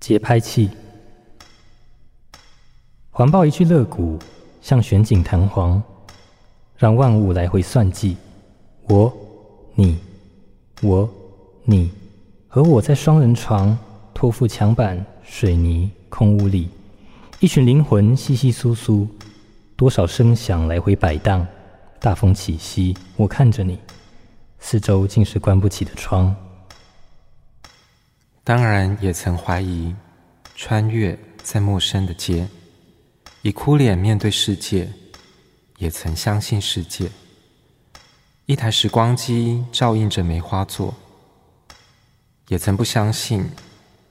節拍器，環抱一具肋骨，像旋緊彈簧，讓萬物來回算計。我，你，我，你，和我在雙人床、托付牆板、水泥空屋裡，一群靈魂窸窸窣窣，多少聲響來回擺盪。大風起兮，我看着你，四周盡是關不起的窗。當然也曾懷疑，穿越在陌生的街，以哭臉面對世界；也曾相信世界，一台時光機照應着梅花座；也曾不相信，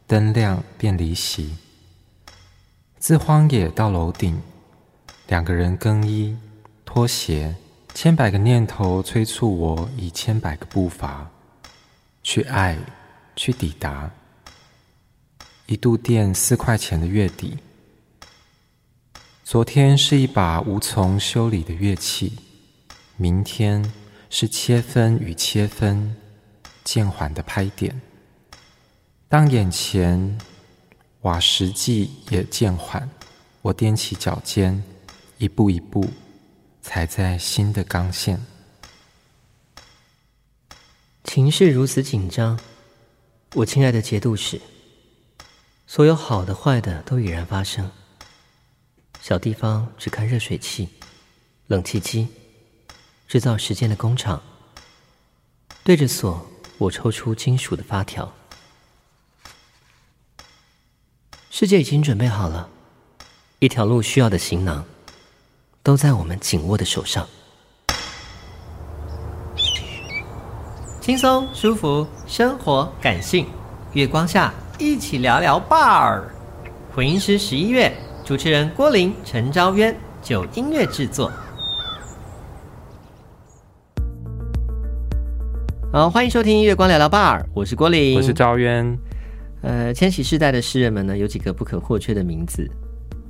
燈亮便離席。自荒野到樓頂，兩個人更衣脫鞋，千百個念頭催促我，以千百個步伐去愛，去抵達。一度電四塊錢的月底，昨天是一把無從修理的樂器，明天是切分與切分漸緩的拍點。當眼前瓦實際也漸緩，我踮起腳尖，一步一步踩在新的鋼線。情勢如此緊張，我親愛的節度使。所有好的、壞的都已然發生。小地方只看熱水器、冷氣機，制造時間的工廠。對着鎖，我抽出金屬的發條。世界已經準備好了，一條路需要的行囊，都在我們緊握的手上。輕鬆、舒服、生活感性，月光下。一起聊聊 BAR。混音師十一月，主持人郭霖、陳昭淵九音樂制作。好，歡迎收聽《月光聊聊 BAR》，我是郭霖，我是昭淵。呃，千禧世代的詩人們呢，有幾個不可或缺的名字，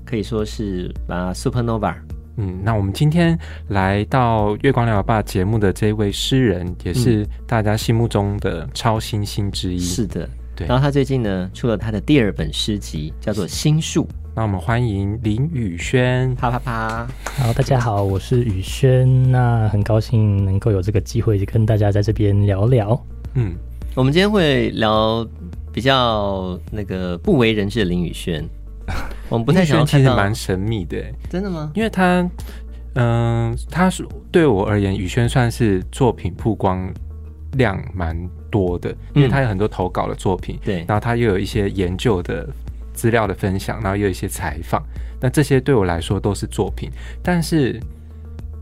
可以說是啊，supernova。嗯，那我們今天來到《月光聊聊 BAR》節目的這一位詩人，也是大家心目中的超新星之一。嗯、是的。然後他最近呢出了他的第二本詩集，叫做《心術》。那我們歡迎林宇軒，啪啪啪！好，大家好，我是宇軒。那很高興能夠有這個機會跟大家在這邊聊聊。嗯，我們今天會聊比較那個不為人知的林宇軒。啊、我們不太喜歡聽，其實蠻神秘的。真的嗎？因為他，嗯、呃，他是對我而言，宇軒算是作品曝光量蠻。多的，因為他有很多投稿的作品，嗯、對，然後他又有一些研究的資料的分享，然後又有一些採訪，那這些對我來說都是作品。但是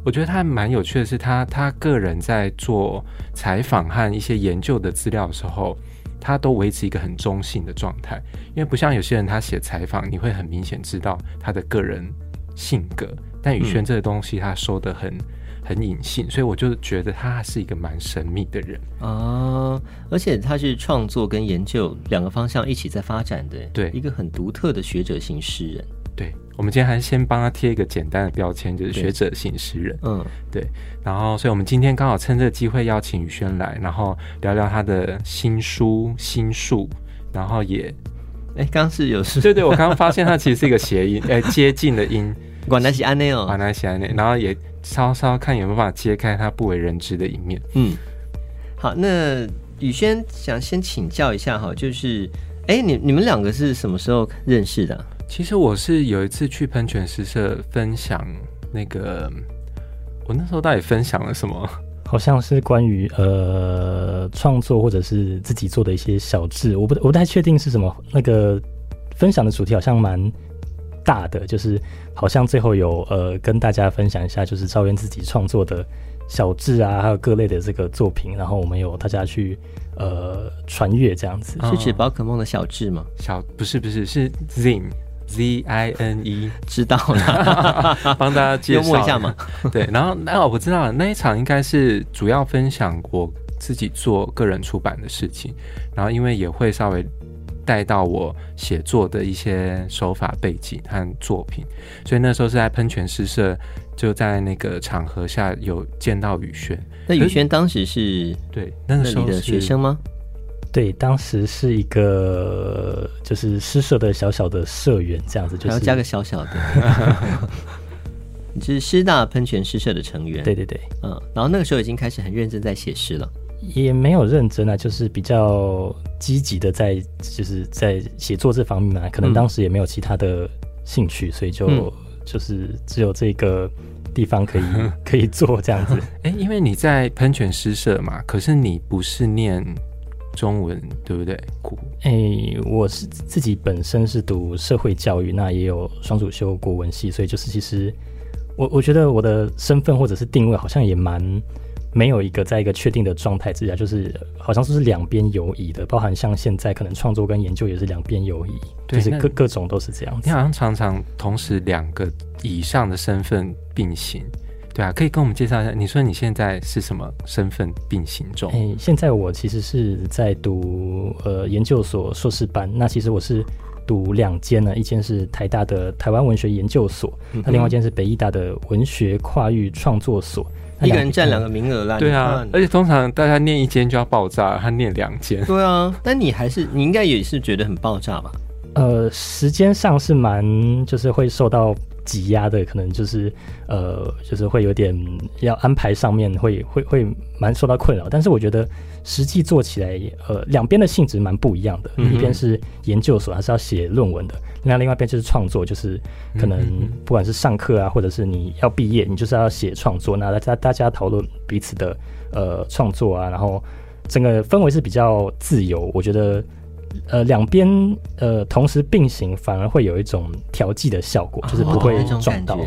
我覺得他還蠻有趣的是他，他他個人在做採訪和一些研究的資料的時候，他都維持一個很中性的狀態，因為不像有些人他寫採訪，你會很明顯知道他的個人性格。但宇軒這個東西，他說的很，嗯很隱性，所以我就覺得他是一個蠻神秘的人、哦、而且他是創作跟研究兩個方向一起在發展的，對，一個很獨特的學者型詩人。對，我們今天還是先幫他貼一個簡單的標籤，就是學者型詩人。對嗯，對。然後，所以我們今天剛好趁這個機會邀請宇軒來，然後聊聊他的新書《心術》，然後也，哎、欸，剛是有是，對,對對，我剛剛發現他其實是一個諧音，哎、 欸，接近的音，原來是安內哦，原來是安內，然後也。稍稍看有沒有辦法揭開他不為人知的一面。嗯，好，那宇軒想先請教一下哈，就是，哎、欸，你你們兩個是什麼時候認識的、啊？其實我是有一次去噴泉詩社分享那個，我那時候到底分享了什麼？好像是關於呃創作或者是自己做的一些小誌，我不我不太確定是什麼。那個分享的主題好像蠻。大的就是，好像最後有呃跟大家分享一下，就是昭淵自己創作的小誌啊，還有各類的這個作品，然後我們有大家去呃傳閱這樣子。是指寶可夢的小智嗎？小不是不是是 ZINE Z, in, Z I N E 知道了，幫 大家揭幕一下嘛。對，然後那我不知道了，那一場應該是主要分享過自己做個人出版的事情，然後因為也會稍微。帶到我寫作的一些手法、背景和作品，所以那時候是在噴泉詩社，就在那個場合下有見到宇軒。那宇軒當時是？對，那個時候的學生嗎對？對，當時是一個就是詩社的小小的社員，這樣子就是加個小小的，就 是師大噴泉詩社的成員？對對對，嗯，然後那個時候已經開始很認真在寫詩了。也沒有認真啊，就是比較積極的在，就是在寫作這方面嘛。可能當時也沒有其他的興趣，嗯、所以就、嗯、就是只有這個地方可以 可以做這樣子。哎、欸，因為你在噴泉詩社嘛，可是你不是念中文對不對？哎、欸，我是自己本身是讀社會教育，那也有雙主修國文系，所以就是其實我我覺得我的身份或者是定位好像也蠻。沒有一個在一個確定的狀態之下，就是好像是兩邊游移的，包含像現在可能創作跟研究也是兩邊游移，對就是各那各種都是這樣的。你好像常常同時兩個以上的身份並行。對啊，可以跟我們介紹一下，你說你現在是什麼身份並行中？誒、哎，現在我其實是在讀呃研究所碩士班，那其實我是讀兩間呢，一間是台大的台灣文學研究所，嗯、哼那另外一間是北藝大的文學跨域創作所。一個人占兩個名額啦，啊對啊，而且通常大家念一間就要爆炸，他念兩間，對啊，但你還是你應該也是覺得很爆炸吧？ 呃，時間上是蠻，就是會受到。擠壓的可能就是，呃，就是會有點要安排上面會會會蠻受到困擾，但是我覺得實際做起來，呃，兩邊的性質蠻不一樣的。一邊是研究所，還是要寫論文的；那、嗯嗯、另外一邊就是創作，就是可能不管是上課啊，嗯嗯嗯，或者是你要畢業，你就是要寫創作。那大家大家討論彼此的呃創作啊，然後整個氛圍是比較自由，我覺得。呃，兩邊呃同時並行，反而會有一種調劑的效果，啊哦、就是不會撞到。懂那種感覺。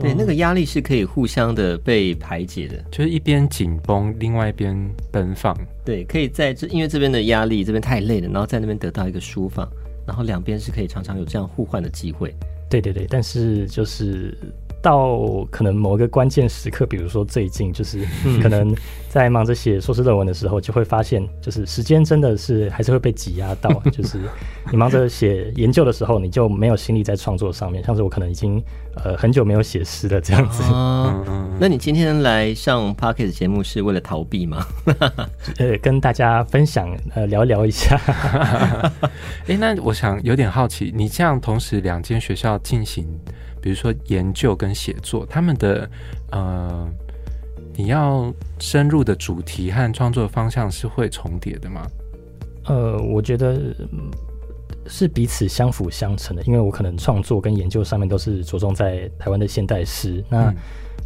對，哦、那個壓力是可以互相的被排解的，就是一邊緊繃，另外一邊奔放。對，可以在這，因為這邊的壓力，這邊太累了，然後在那邊得到一個舒放，然後兩邊是可以常常有這樣互換的機會。對對對，但是就是。到可能某一個關鍵時刻，比如說最近，就是可能在忙着寫碩士論文的時候，就會發現，就是時間真的是還是會被擠壓到， 就是你忙着寫研究的時候，你就沒有心力在創作上面。像是我可能已經、呃、很久沒有寫詩了這樣子。哦嗯、那你今天來上 Podcast 節目是為了逃避嗎？ 呃，跟大家分享呃聊一聊一下。哎、 欸，那我想有點好奇，你這樣同時兩間學校進行。比如說研究跟寫作，他們的呃，你要深入的主題和創作方向是會重疊的嗎？呃，我覺得是彼此相輔相成的，因為我可能創作跟研究上面都是着重在台灣的現代詩。那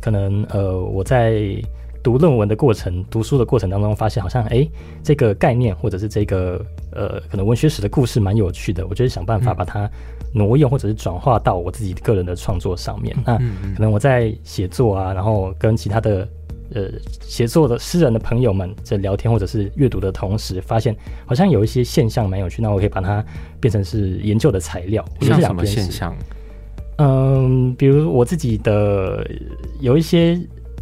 可能呃，我在讀論文的過程、讀書的過程當中，發現好像哎、欸，這個概念或者是這個呃，可能文學史的故事蠻有趣的，我就想辦法把它、嗯。挪用或者是轉化到我自己個人的創作上面，那可能我在寫作啊，然後跟其他的呃寫作的詩人的朋友們在聊天或者是閱讀的同時，發現好像有一些現象蠻有趣，那我可以把它變成是研究的材料。像什麼現象？嗯、呃，比如我自己的有一些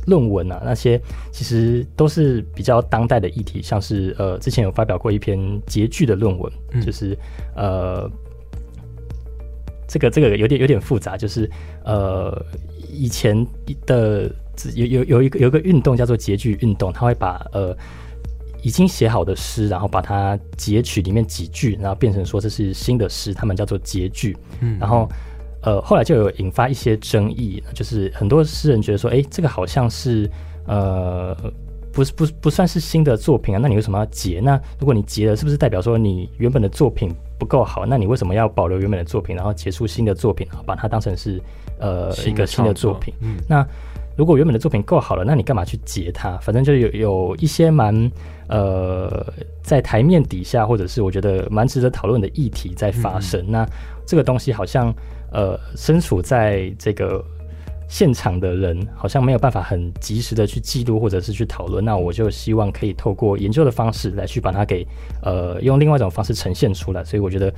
論文啊，那些其實都是比較當代的議題，像是呃，之前有發表過一篇截句的論文，嗯、就是呃。這個這個有點有點複雜，就是呃，以前的有有有一個有一個運動叫做截句運動，他會把呃已經寫好的詩，然後把它截取裡面幾句，然後變成說這是新的詩，他們叫做截句。嗯，然後呃後來就有引發一些爭議，就是很多詩人覺得說，誒，這個好像是呃。不是不不算是新的作品啊？那你為什麼要結呢？如果你結了，是不是代表說你原本的作品不夠好？那你為什麼要保留原本的作品，然後結出新的作品，把它當成是呃一個新的作品？嗯，那如果原本的作品夠好了，那你幹嘛去結它？反正就有有一些蠻呃在台面底下，或者是我覺得蠻值得討論的議題在發生。嗯，那這個東西好像呃身處在這個。現場的人好像沒有辦法很及時的去記錄或者是去討論，那我就希望可以透過研究的方式來去把它給呃用另外一種方式呈現出來。所以我覺得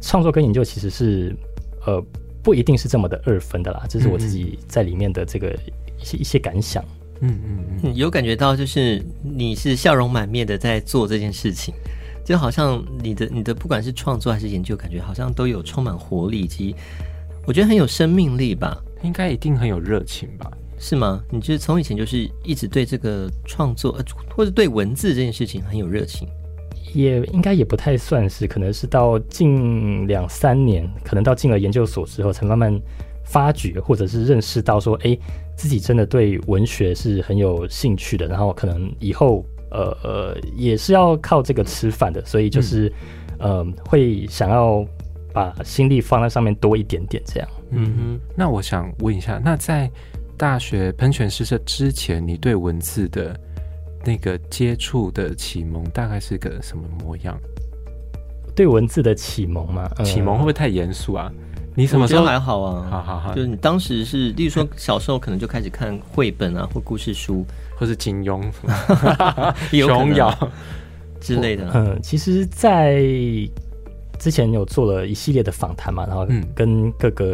創作跟研究其實是呃不一定是這麼的二分的啦，這是我自己在裡面的這個一些嗯嗯一些感想。嗯嗯嗯，有感覺到就是你是笑容滿面的在做這件事情，就好像你的你的不管是創作還是研究，感覺好像都有充滿活力以及我覺得很有生命力吧。應該一定很有熱情吧？是嗎？你就是從以前就是一直對這個創作，呃，或者對文字這件事情很有熱情，也應該也不太算是，可能是到近兩三年，可能到進了研究所之後，才慢慢發掘，或者是認識到說，哎，自己真的對文學是很有興趣的，然後可能以後，呃呃，也是要靠這個吃飯的，所以就是，嗯呃，會想要把心力放在上面多一點點這樣。嗯哼，那我想問一下，那在大學噴泉詩社之前，你對文字的那個接觸的啟蒙大概是個什麼模樣？對文字的啟蒙嘛？啟、嗯、蒙會不會太嚴肅啊？你什麼時候還好啊？好好好，就是你當時是，例如說小時候可能就開始看繪本啊，或故事書，或是金庸， 有瓊瑤搖之類的。嗯，其實在，在之前有做了一系列的訪談嘛，然後跟各個、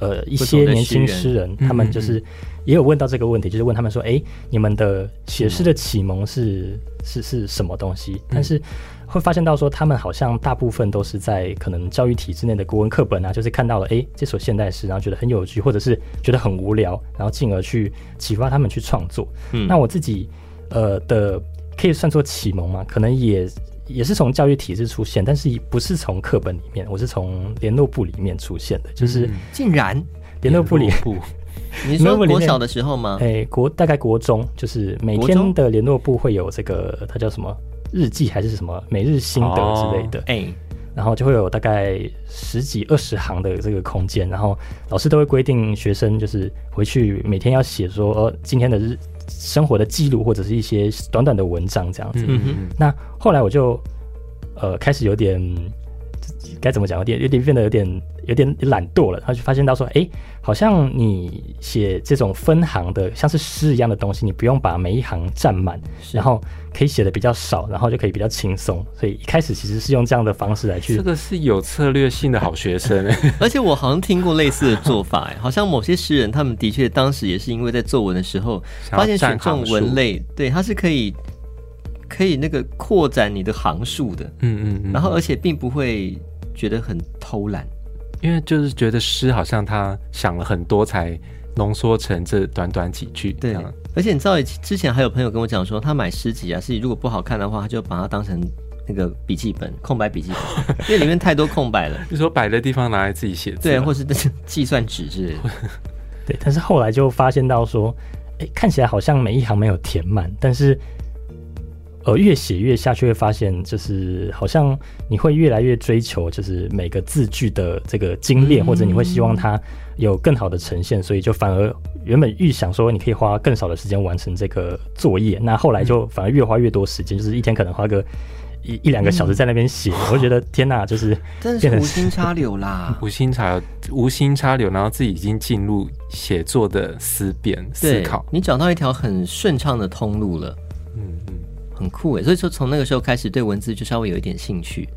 嗯、呃一些年輕詩人，他們就是也有問到這個問題，嗯嗯嗯就是問他們說，哎、欸，你們的寫詩的啟蒙是、嗯、是是什麼東西？但是會發現到說，他們好像大部分都是在可能教育體制內的國文課本啊，就是看到了哎、欸、這首現代詩，然後覺得很有趣，或者是覺得很無聊，然後進而去啟發他們去創作。嗯、那我自己呃的可以算作啟蒙嘛？可能也。也是從教育體制出現，但是不是從課本裡面，我是從聯絡部裡面出現的，就是竟然聯絡部裡部，你說國小的時候嗎？誒、欸，國大概國中，就是每天的聯絡部會有這個，它叫什麼，日記還是什麼每日心得之類的。誒、哦，欸、然後就會有大概十幾二十行的這個空間，然後老師都會規定學生就是回去每天要寫說、呃、今天的日。生活的記錄，或者是一些短短的文章這樣子。嗯哼。那後來我就，呃，開始有點該怎麼講，有點有點變得有點。有點懶惰了，他就發現到說，哎、欸，好像你寫這種分行的，像是詩一樣的東西，你不用把每一行占滿，然後可以寫的比較少，然後就可以比較輕鬆。所以一開始其實是用這樣的方式來去，這個是有策略性的好學生。 而且我好像聽過類似的做法，哎，好像某些詩人他們的確當時也是因為在作文的時候發現選這種文類，對，他是可以可以那個擴展你的行數的，嗯嗯，然後而且並不會覺得很偷懶。因為就是覺得詩好像他想了很多才濃縮成這短短幾句，對。而且你知道，之前還有朋友跟我講說，他買詩集啊，詩集如果不好看的話，他就把它當成那個筆記本，空白筆記本， 因為裡面太多空白了。就說擺的地方拿來自己寫字啊，對，或是計算紙之類的。對，但是後來就發現到說誒，看起來好像每一行沒有填滿，但是。呃，而越寫越下去，會發現，就是好像你會越來越追求，就是每個字句的這個精煉，或者你會希望它有更好的呈現，所以就反而原本預想說你可以花更少的時間完成這個作業，那後來就反而越花越多時間，就是一天可能花個一一兩個小時在那邊寫，我會覺得天哪，就是、嗯、真的是無心插柳啦，無心插柳，無心插無心插柳，然後自己已經進入寫作的思辨思考，你找到一條很順暢的通路了。很酷誒，所以說從那個時候開始對文字就稍微有一點興趣。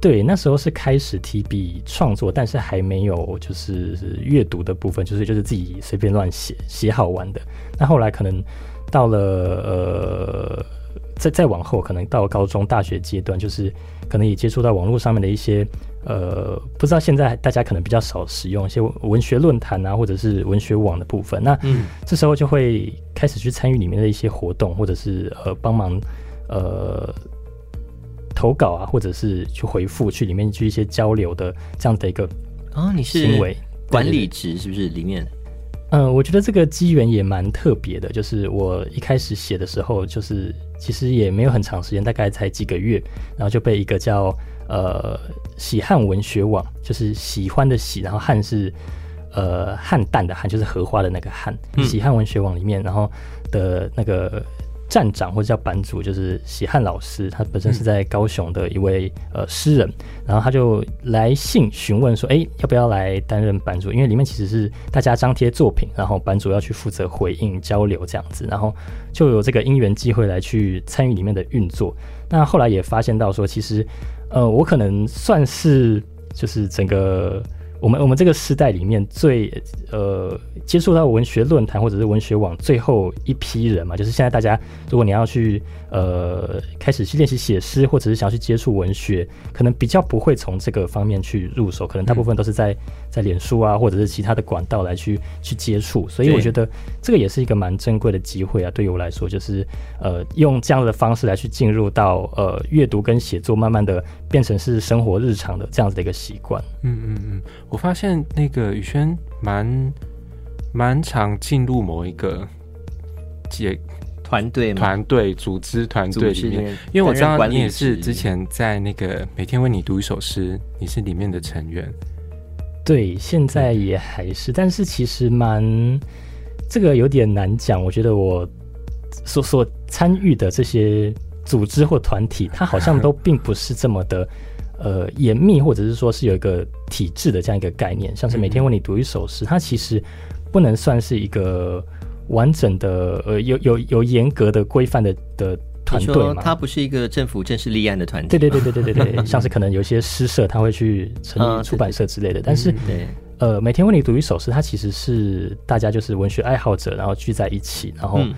對，那時候是開始提筆創作，但是還沒有就是閱讀的部分，就是就是自己隨便亂寫，寫好玩的。那後來可能到了呃，再再往後，可能到高中、大學階段，就是可能也接觸到網絡上面的一些。呃，不知道現在大家可能比較少使用一些文學論壇啊，或者是文學網的部分。那嗯，這時候就會開始去參與裡面的一些活動，或者是呃，幫忙呃投稿啊，或者是去回復，去裡面去一些交流的這樣的一個啊、哦，你是行為管理職是不是裡面？嗯、呃，我覺得這個機緣也蠻特別的，就是我一開始寫的時候，就是其實也沒有很長時間，大概才幾個月，然後就被一個叫呃。喜漢文學網就是喜歡的喜，然後漢是，呃，漢萏的漢，就是荷花的那個漢。喜漢文學網裡面，然後的那個站長或者叫版主就是喜漢老師，他本身是在高雄的一位呃詩人，然後他就來信詢問說，哎、欸，要不要來擔任版主？因為裡面其實是大家張貼作品，然後版主要去負責回應交流這樣子，然後就有這個因緣機會來去參與裡面的運作。那後來也發現到說，其實。呃，我可能算是就是整個我們我們這個時代裡面最呃接觸到文學論壇或者是文學網最後一批人嘛，就是現在大家如果你要去呃開始去練習寫詩或者是想要去接觸文學，可能比較不會從這個方面去入手，可能大部分都是在在臉書啊或者是其他的管道來去去接觸，所以我覺得這個也是一個蠻珍貴的機會啊，對於我來說就是呃用這樣的方式來去進入到呃閱讀跟寫作，慢慢的。變成是生活日常的這樣子的一個習慣。嗯。嗯嗯嗯，我發現那個宇軒蠻蠻常進入某一個結團隊團隊組織團隊裡面，因為我知道你也是之前在那個每天為你讀一首詩，你是裡面的成員。對，現在也還是，嗯、但是其實蠻這個有點難講。我覺得我所所參與的這些，組織或團體，它好像都並不是這麼的，呃，嚴密，或者是說是有一個體制的這樣一個概念。像是每天為你讀一首詩，嗯、它其實不能算是一個完整的，呃，有有有嚴格的規範的的團隊嘛，它不是一個政府正式立案的團體。對對對對對對，像是可能有一些詩社，他會去成立出版社之類的。哦、對對但是，嗯、對呃，每天為你讀一首詩，它其實是大家就是文學愛好者，然後聚在一起，然後、嗯、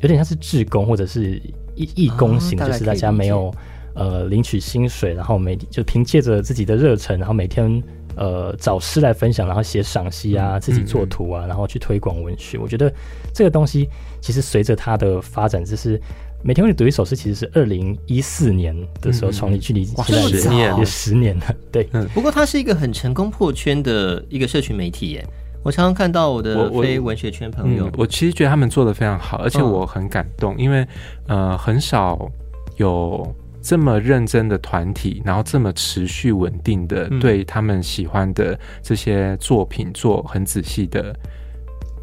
有點像是志工，或者是。一意工行，啊、就是大家沒有，呃，領取薪水，然後每就憑借着自己的熱忱，然後每天呃找詩來分享，然後寫賞析啊，嗯、自己作圖啊，嗯、然後去推廣文學。嗯、我覺得這個東西、嗯、其實隨着它的發展，就是每天為你讀一首詩，其實是二零一四年的時候從你、嗯、距離現在，哇，十年，現在十年了。對，嗯、不過它是一個很成功破圈的一個社群媒體耶。我常常看到我的非文學圈朋友，我,我,嗯、我其實覺得他們做得非常好，而且我很感動，嗯、因為呃，很少有這麼認真的團體，然後這麼持續穩定的、嗯、對他們喜歡的這些作品做很仔細的。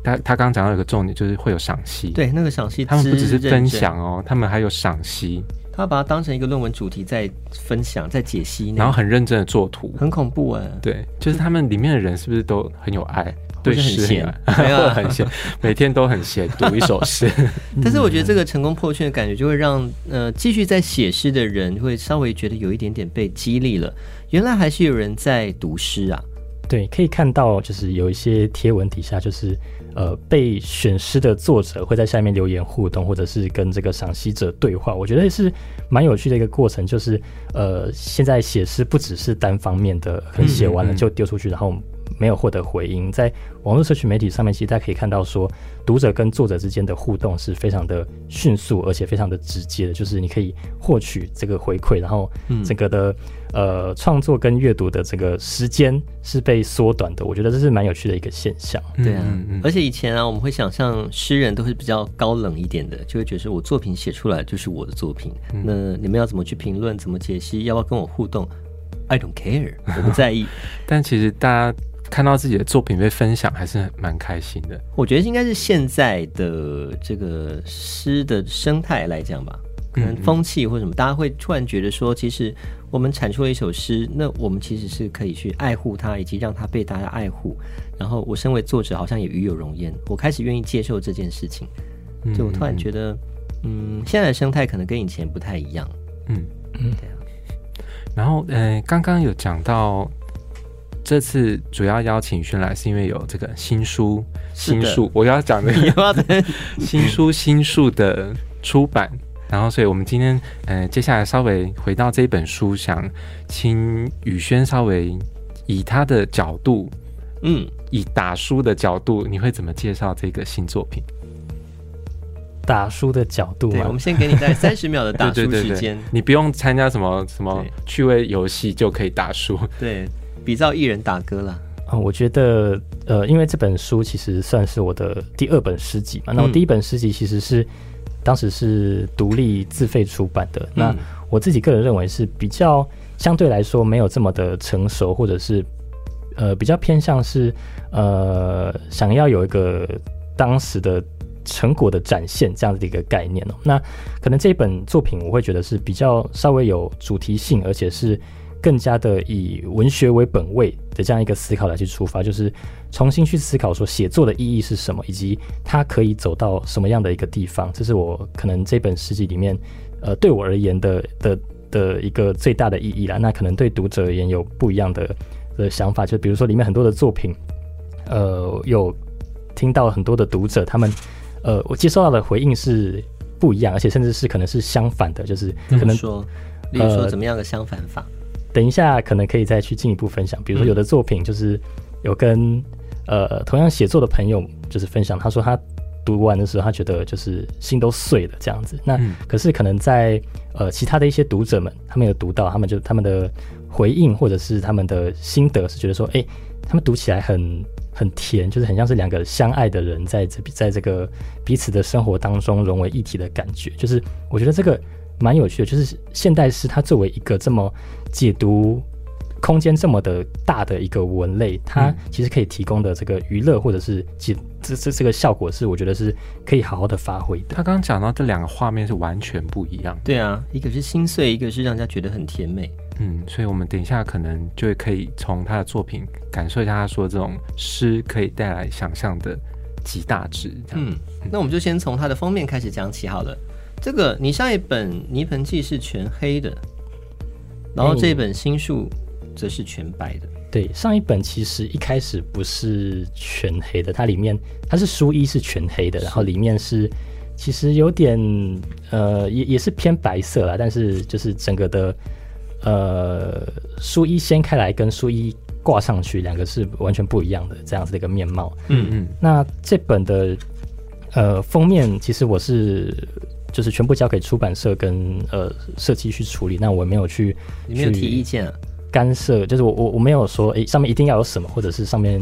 他他剛剛講到一個重點，就是會有賞析。對，那個賞析，他們不只是分享哦，他們還有賞析。要把它當成一個論文主題在分享，在解析，然後很認真的做圖，很恐怖哎、欸。對，就是他們裡面的人是不是都很有愛？對，是很閒，對很閒，每天都很閒， 讀一首詩。 但是我覺得這個成功破圈的感覺，就會讓呃繼續在寫詩的人，會稍微覺得有一點點被激勵了。原來還是有人在讀詩啊。對，可以看到就是有一些貼文底下就是。呃，被選詩的作者會在下面留言互動，或者是跟這個賞析者對話，我覺得也是蠻有趣的一個過程。就是呃，現在寫詩不只是單方面的，可能寫完了就丟出去，然後沒有獲得回音。嗯嗯嗯。在網絡社群媒體上面，其實大家可以看到說，說讀者跟作者之間的互動是非常的迅速，而且非常的直接的，就是你可以獲取這個回饋，然後整個的，嗯。呃，創作跟閱讀的這個時間是被縮短的，我覺得這是蠻有趣的一個現象。對啊，嗯嗯嗯，而且以前啊，我們會想象詩人都是比較高冷一點的，就會覺得我作品寫出來就是我的作品，嗯、那你們要怎麼去評論、怎麼解析，要不要跟我互動？I don't care， 我不在意。但其實大家看到自己的作品被分享，還是蠻開心的。我覺得應該是現在的這個詩的生態來講吧。可能風氣或什麼，嗯、大家會突然覺得說，其實我們產出了一首詩，那我們其實是可以去愛護它，以及讓它被大家愛護。然後我身為作者，好像也與有榮焉。我開始願意接受這件事情，就我突然覺得，嗯，嗯現在的生態可能跟以前不太一樣。嗯嗯，然後，嗯、呃，剛剛有講到這次主要邀請軒來，是因為有這個新書的心術我要講的、這個，啊、新書心術的出版。 然後，所以我們今天，嗯、呃，接下來稍微回到這一本書，想請宇軒稍微以他的角度，嗯，以打書的角度，你會怎麼介紹這個新作品？打書的角度，對，我們先給你在三十秒的打書時間 對對對對，你不用參加什麼什麼趣味遊戲就可以打書，對，比照藝人打歌啦。我覺得，呃，因為這本書其實算是我的第二本詩集嘛，那我第一本詩集其實是。當時是獨立自費出版的，那我自己個人認為是比較相對來說沒有這麼的成熟，或者是呃比較偏向是呃想要有一個當時的成果的展現這樣的一個概念哦。那可能這一本作品我會覺得是比較稍微有主題性，而且是。更加的以文學為本位的這樣一個思考來去出發，就是重新去思考說寫作的意義是什麼，以及它可以走到什麼樣的一個地方。這是我可能這本詩集裡面，呃，對我而言的的的一個最大的意義啦。那可能對讀者而言有不一樣的的想法，就比如說裡面很多的作品，呃，有聽到很多的讀者他們，呃，我接受到的回應是不一樣，而且甚至是可能是相反的，就是可能說，比如說怎麼樣的相反法？呃等一下，可能可以再去進一步分享。比如說，有的作品就是有跟、嗯、呃同樣寫作的朋友就是分享，他說他讀完的時候，他覺得就是心都碎了這樣子。那可是可能在呃其他的一些讀者們，他們有讀到，他們就他們的回應或者是他們的心得是覺得說，誒、欸，他們讀起來很很甜，就是很像是兩個相愛的人在這在這個彼此的生活當中融為一體的感覺。就是我覺得這個。蠻有趣的，就是現代詩，它作為一個這麼解讀空間這麼的大的一個文類，它其實可以提供的這個娛樂或者是解，這這，這個效果，是我覺得是可以好好的發揮的。他剛剛講到這兩個畫面是完全不一樣的，對啊，一個是心碎，一個是讓人家覺得很甜美。嗯，所以我們等一下可能就可以從他的作品感受一下，他說的這種詩可以帶來想象的極大值。嗯，那我們就先從他的封面開始講起好了。這個你上一本《泥盆紀》是全黑的，然後這一本新書則是全白的。嗯。對，上一本其實一開始不是全黑的，它裡面它是書衣是全黑的，是然後裡面是其實有點呃，也也是偏白色啦，但是就是整個的呃書衣掀開來跟書衣掛上去，兩個是完全不一樣的這樣子的一個面貌。嗯嗯，那這本的呃封面其實我是。就是全部交給出版社跟呃設計去處理，那我沒有去，沒有提意見、啊，干涉。就是我我我沒有說，誒、欸、上面一定要有什麼，或者是上面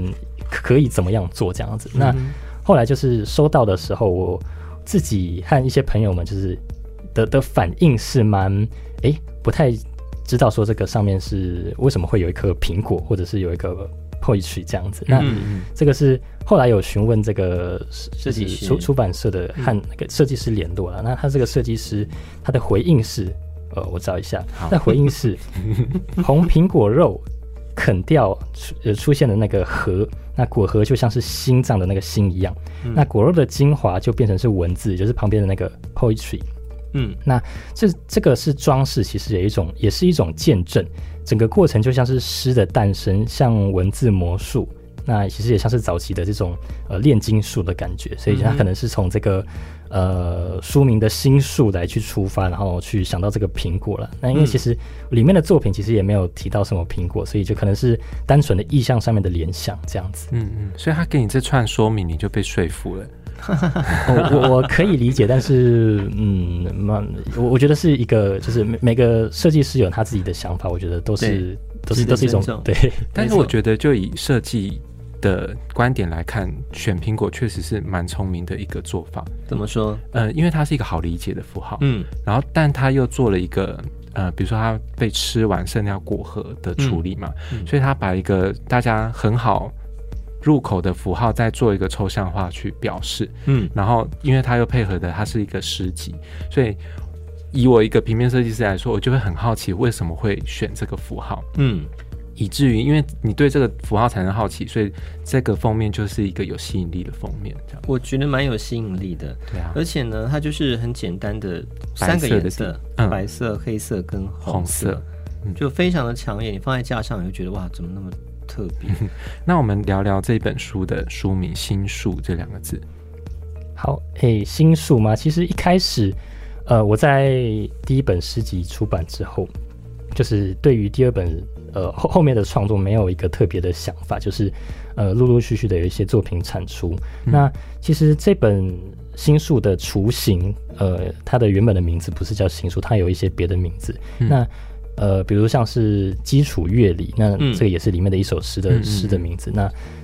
可以怎麼樣做這樣子。那、嗯、哼後來就是收到的時候，我自己和一些朋友們就是的的反應是蠻誒、欸、不太知道說這個上面是為什麼會有一顆蘋果，或者是有一個。poetry 這樣子，那這個是後來有詢問這個設計、嗯、出出版社的和那個設計師聯絡了，嗯、那他這個設計師他的回應是，呃，我找一下，好那回應是 紅蘋果肉啃掉出呃出現的那個核，那果核就像是心臟的那個心一樣，嗯、那果肉的精華就變成是文字，就是旁邊的那個 poetry，嗯，那這這個是裝飾，其實有一種也是一種見證。整個過程就像是詩的誕生，像文字魔術，那其實也像是早期的這種呃煉金術的感覺，所以他可能是從這個呃書名的心術來去出發，然後去想到這個蘋果了。那因為其實裡面的作品其實也沒有提到什麼蘋果，所以就可能是單純的意象上面的聯想這樣子。嗯嗯，所以他給你這串說明，你就被說服了。 oh, 我我可以理解，但是嗯，蠻我我覺得是一個，就是每，每個設計師有他自己的想法，我覺得都是對都是，是的都是一種對。錯但是我覺得，就以設計的觀點來看，選蘋果確實是蠻聰明的一個做法。怎麼說？呃，因為它是一個好理解的符號，嗯，然後但它又做了一個呃，比如說它被吃完剩下果核的處理嘛，嗯，所以它把一個大家很好。入口的符號再做一個抽象化去表示，嗯，然後因為它又配合的它是一個詩集，所以以我一個平面設計師來說，我就會很好奇為什麼會選這個符號，嗯，以至於因為你對這個符號產生好奇，所以這個封面就是一個有吸引力的封面，這樣。我覺得蠻有吸引力的，對啊，而且呢，它就是很簡單的、的三個顏色：嗯、白色、黑色跟紅色，紅色嗯、就非常的強烈。你放在架上，你就覺得哇，怎麼那麼特別， 那我們聊聊這本書的書名《心術》這兩個字。好，誒、欸，《心術》嘛，其實一開始，呃，我在第一本詩集出版之後，就是對於第二本，呃，後，後面的創作沒有一個特別的想法，就是呃，陸陸續續的有一些作品產出。嗯、那其實這本《心術》的雛形，呃，它的原本的名字不是叫《心術》，它有一些別的名字。嗯、那呃，比如像是基礎樂理，那這個也是裡面的一首詩的詩的名字。嗯嗯、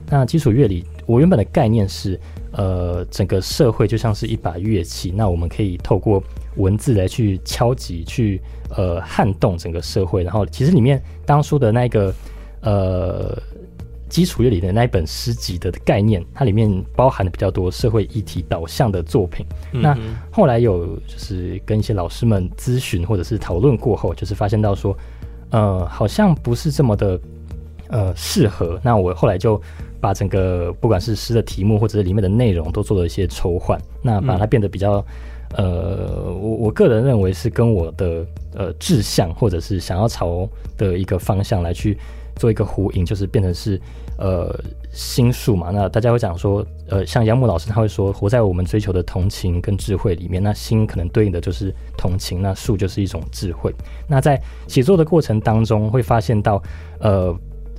那那基礎樂理，我原本的概念是，呃，整個社會就像是一把樂器，那我們可以透過文字來去敲擊，去呃撼動整個社會。然後其實裡面當初的那個呃。基礎樂理的那一本詩集的概念，它裡面包含的比較多社會議題導向的作品。嗯、哼那後來有就是跟一些老師們諮詢或者是討論過後，就是發現到說，呃，好像不是這麼的呃適合。那我後來就把整個不管是詩的題目或者是裡面的內容都做了一些抽換，那把它變得比較、嗯、呃，我我個人認為是跟我的呃志向，或者是想要朝的一個方向來去。做一個呼應，就是變成是，呃，心術嘛。那大家會講說，呃，像楊牧老師他會說，活在我們追求的同情跟智慧裡面。那心可能對應的就是同情，那術就是一種智慧。那在寫作的過程當中，會發現到，呃。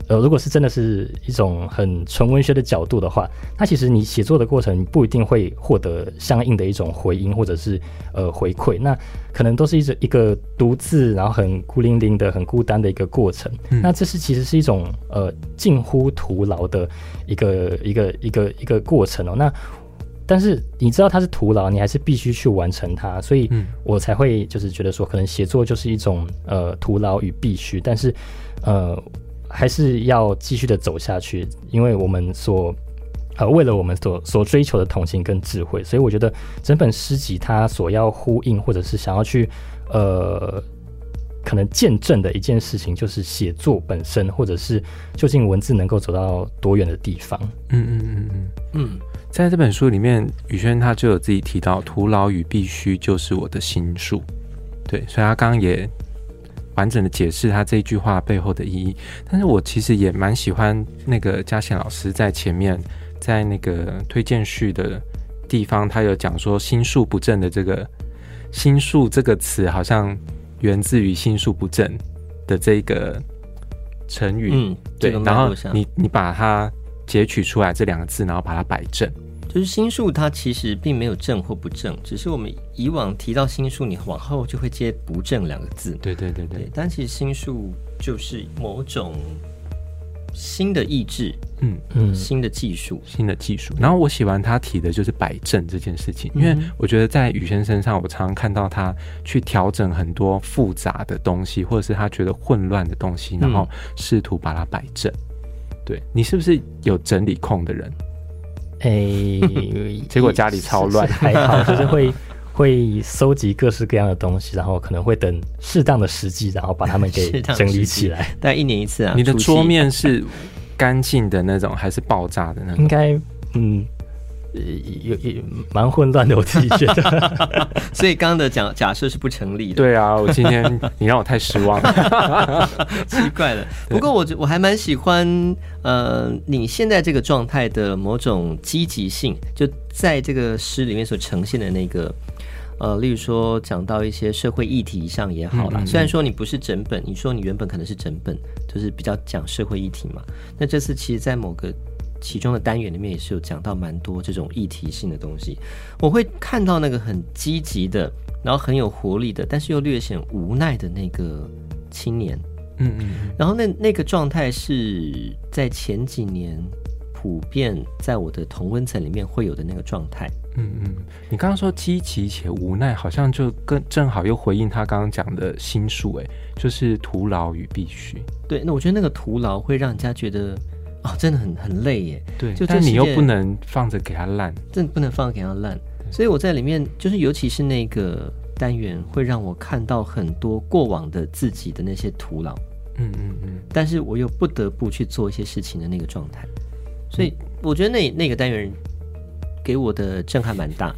呃，如果是真的是一種很純文學的角度的話，那其實你寫作的過程不一定會獲得相應的一種回音或者是呃回饋，那可能都是一直一個獨自然後很孤零零的、很孤單的一個過程。那這是其實是一種呃近乎徒勞的一個一個一個一個過程哦。那但是你知道它是徒勞，你還是必須去完成它，所以我才會就是覺得說，可能寫作就是一種呃徒勞與必須，但是呃。還是要繼續的走下去，因為我們所呃為了我們所所追求的同情跟智慧，所以我覺得整本詩集它所要呼應或者是想要去呃可能見證的一件事情，就是寫作本身，或者是究竟文字能夠走到多遠的地方。嗯嗯嗯嗯嗯，嗯嗯嗯在這本書裡面，宇軒他就有自己提到“徒勞與必須”就是我的心術，對，所以他剛剛也。完整的解釋他這一句話背後的意義，但是我其實也蠻喜歡那個嘉賢老師在前面在那個推薦序的地方，他有講說心術不正的這個心術這個詞，好像源自於心術不正的這一個成語，嗯，對，嗯，然後你你把它截取出來這兩個字，然後把它擺正。就是心術，它其實並沒有正或不正，只是我們以往提到心術，你往後就會接不正兩個字。對對對對。對但其實心術就是某種新的意志，嗯嗯，新的技術，新的技術。然後我喜歡他提的就是擺正這件事情，對因為我覺得在宇軒身上，我常常看到他去調整很多複雜的東西，或者是他覺得混亂的東西，然後試圖把它擺正。嗯、對你是不是有整理控的人？哎，欸、 結果家裡超亂，欸，就是會 會蒐集各式各樣的東西，然後可能會等適當的時機，然後把它們給整理起來。大概一年一次啊。你的桌面是乾淨的那種，還是爆炸的那種？應該嗯。有也蠻混亂的，我自己覺得， 所以剛剛的假假設是不成立的。對啊，我今天你讓我太失望了， 奇怪了。對不過我我還蠻喜歡，呃，你現在這個狀態的某種積極性，就在這個詩裡面所呈現的那個，呃，例如說講到一些社會議題上也好啦。嗯嗯、雖然說你不是整本，你說你原本可能是整本，就是比較講社會議題嘛。那這次其實在某個。其中的單元裡面也是有講到蠻多這種議題性的東西，我會看到那個很積極的，然後很有活力的，但是又略顯無奈的那個青年，嗯，嗯嗯，然後那那個狀態是在前幾年普遍在我的同溫層裡面會有的那個狀態，嗯嗯，你剛剛說積極且無奈，好像就跟正好又回應他剛剛講的心術誒，就是徒勞與必須，對，那我覺得那個徒勞會讓人家覺得。哦，oh, 真的很很累耶。對，就這但你又不能放着給它爛，這不能放着給它爛。對所以我在裡面，就是尤其是那個單元，會讓我看到很多過往的自己的那些徒勞。嗯嗯嗯。但是我又不得不去做一些事情的那個狀態。嗯、所以我覺得那那個單元給我的震撼蠻大。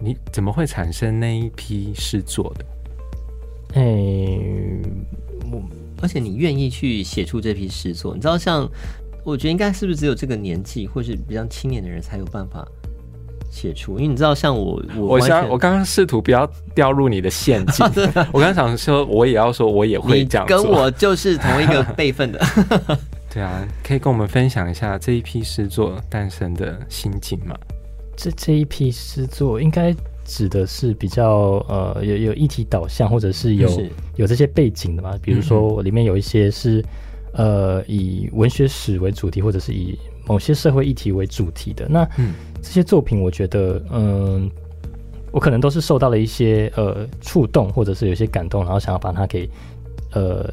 你怎麼會產生那一批詩作的？哎、嗯，我而且你願意去寫出這批詩作，你知道像。我覺得應該是不是只有這個年紀，或是比較青年的人才有辦法寫出，因為你知道，像我，我我，我剛剛試圖不要掉入你的陷阱。 我剛剛想說，我也要說，我也會講，跟我就是同一個輩分的。 對啊，可以跟我們分享一下這一批詩作誕生的心境嗎？這這一批詩作應該指的是比較呃有有議題導向，或者是有是有這些背景的嘛？比如說裡面有一些是。呃，以文學史為主題，或者是以某些社會議題為主題的那、嗯、這些作品，我覺得，嗯、呃，我可能都是受到了一些呃觸動，或者是有些感動，然後想要把它給呃。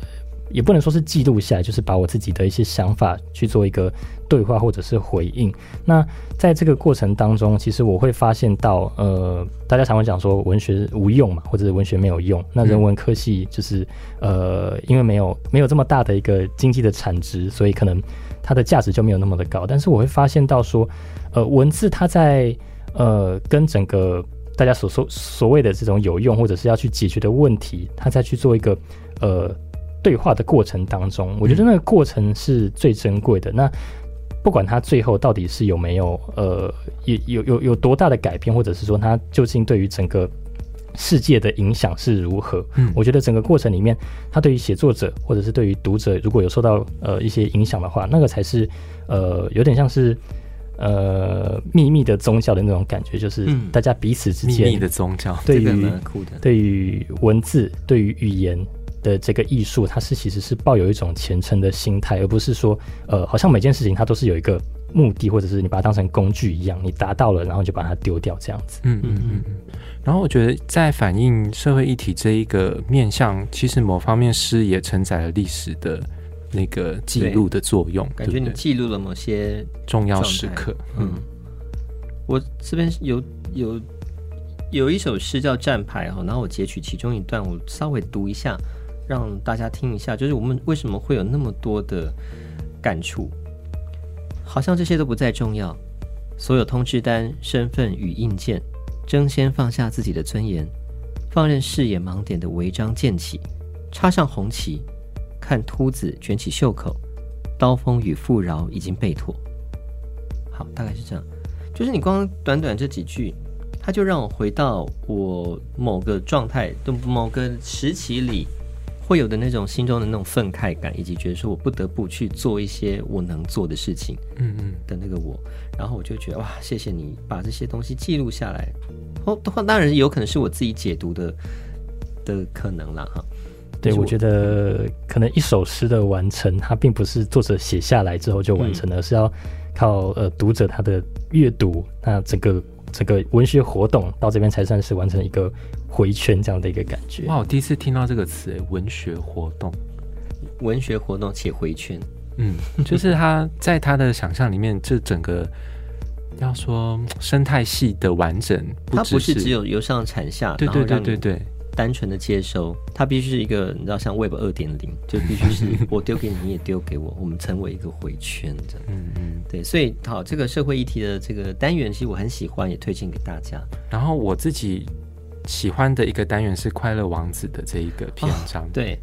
也不能說是記錄下來，就是把我自己的一些想法去做一個對話，或者是回應。那在這個過程當中，其實我會發現到，呃，大家常常講說文學無用嘛，或者是文學沒有用。那人文科系就是，呃，因為沒有沒有這麼大的一個經濟的產值，所以可能它的價值就沒有那麼的高。但是我會發現到說，呃，文字它在，呃，跟整個大家所說所謂的這種有用或者是要去解決的問題，它再去做一個，呃。對話的過程當中，我覺得那個過程是最珍貴的。嗯、那不管他最後到底是有沒有呃，有有有有多大的改變，或者是說他究竟對於整個世界的影響是如何，嗯，我覺得整個過程裡面，他對於寫作者或者是對於讀者，如果有受到呃一些影響的話，那個才是呃有點像是呃秘密的宗教的那種感覺，就是大家彼此之間秘密的宗教，這個還滿酷的，對於對於文字，對於語言。的這個藝術，它是其實是抱有一種虔誠的心態，而不是說，呃，好像每件事情它都是有一個目的，或者是你把它當成工具一樣，你達到了，然後你就把它丟掉這樣子。嗯嗯嗯。嗯，然後我覺得在反映社會議題這一個面向，其實某方面詩也承載了歷史的那個記錄的作用，對對對感覺你記錄了某些重要時刻。嗯，嗯我這邊有有有一首詩叫《站牌》哦哈，然後我截取其中一段，我稍微讀一下。讓大家聽一下，就是我們為什麼會有那麼多的感觸？好像這些都不再重要。所有通知單、身份與硬件，爭先放下自己的尊嚴，放任視野盲點的違章建起，插上紅旗。看禿子卷起袖口，刀鋒與富饒已經備妥。好，大概是這樣。就是你光短短這幾句，它就讓我回到我某個狀態的某個時期裡。會有的那種心中的那種憤慨感，以及覺得說我不得不去做一些我能做的事情，嗯嗯的那個我，嗯嗯然後我就覺得哇，謝謝你把這些東西記錄下來，的話、嗯、當然有可能是我自己解讀的的可能啦哈，對，就我覺得可能一首詩的完成，它並不是作者寫下來之後就完成了，嗯、而是要靠呃讀者他的閱讀，那整個。這個文學活動到這邊才算是完成一個迴圈這樣的一個感覺。哇，我第一次聽到這個詞耶，文學活動，文學活動且迴圈。嗯，就是他在他的想象裡面，這整個 要說生態系的完整，它不，不是只有由上產下，對對對對對。單純的接收，它必須是一個，你知道，像 Web 二點零，就必須是我丟給你， 你也丟給我，我們成為一個迴圈這樣。嗯嗯，對。所以，好，這個社會議題的這個單元，其實我很喜歡，也推薦給大家。然後我自己喜歡的一個單元是《快樂王子》的這一個篇章。哦，對，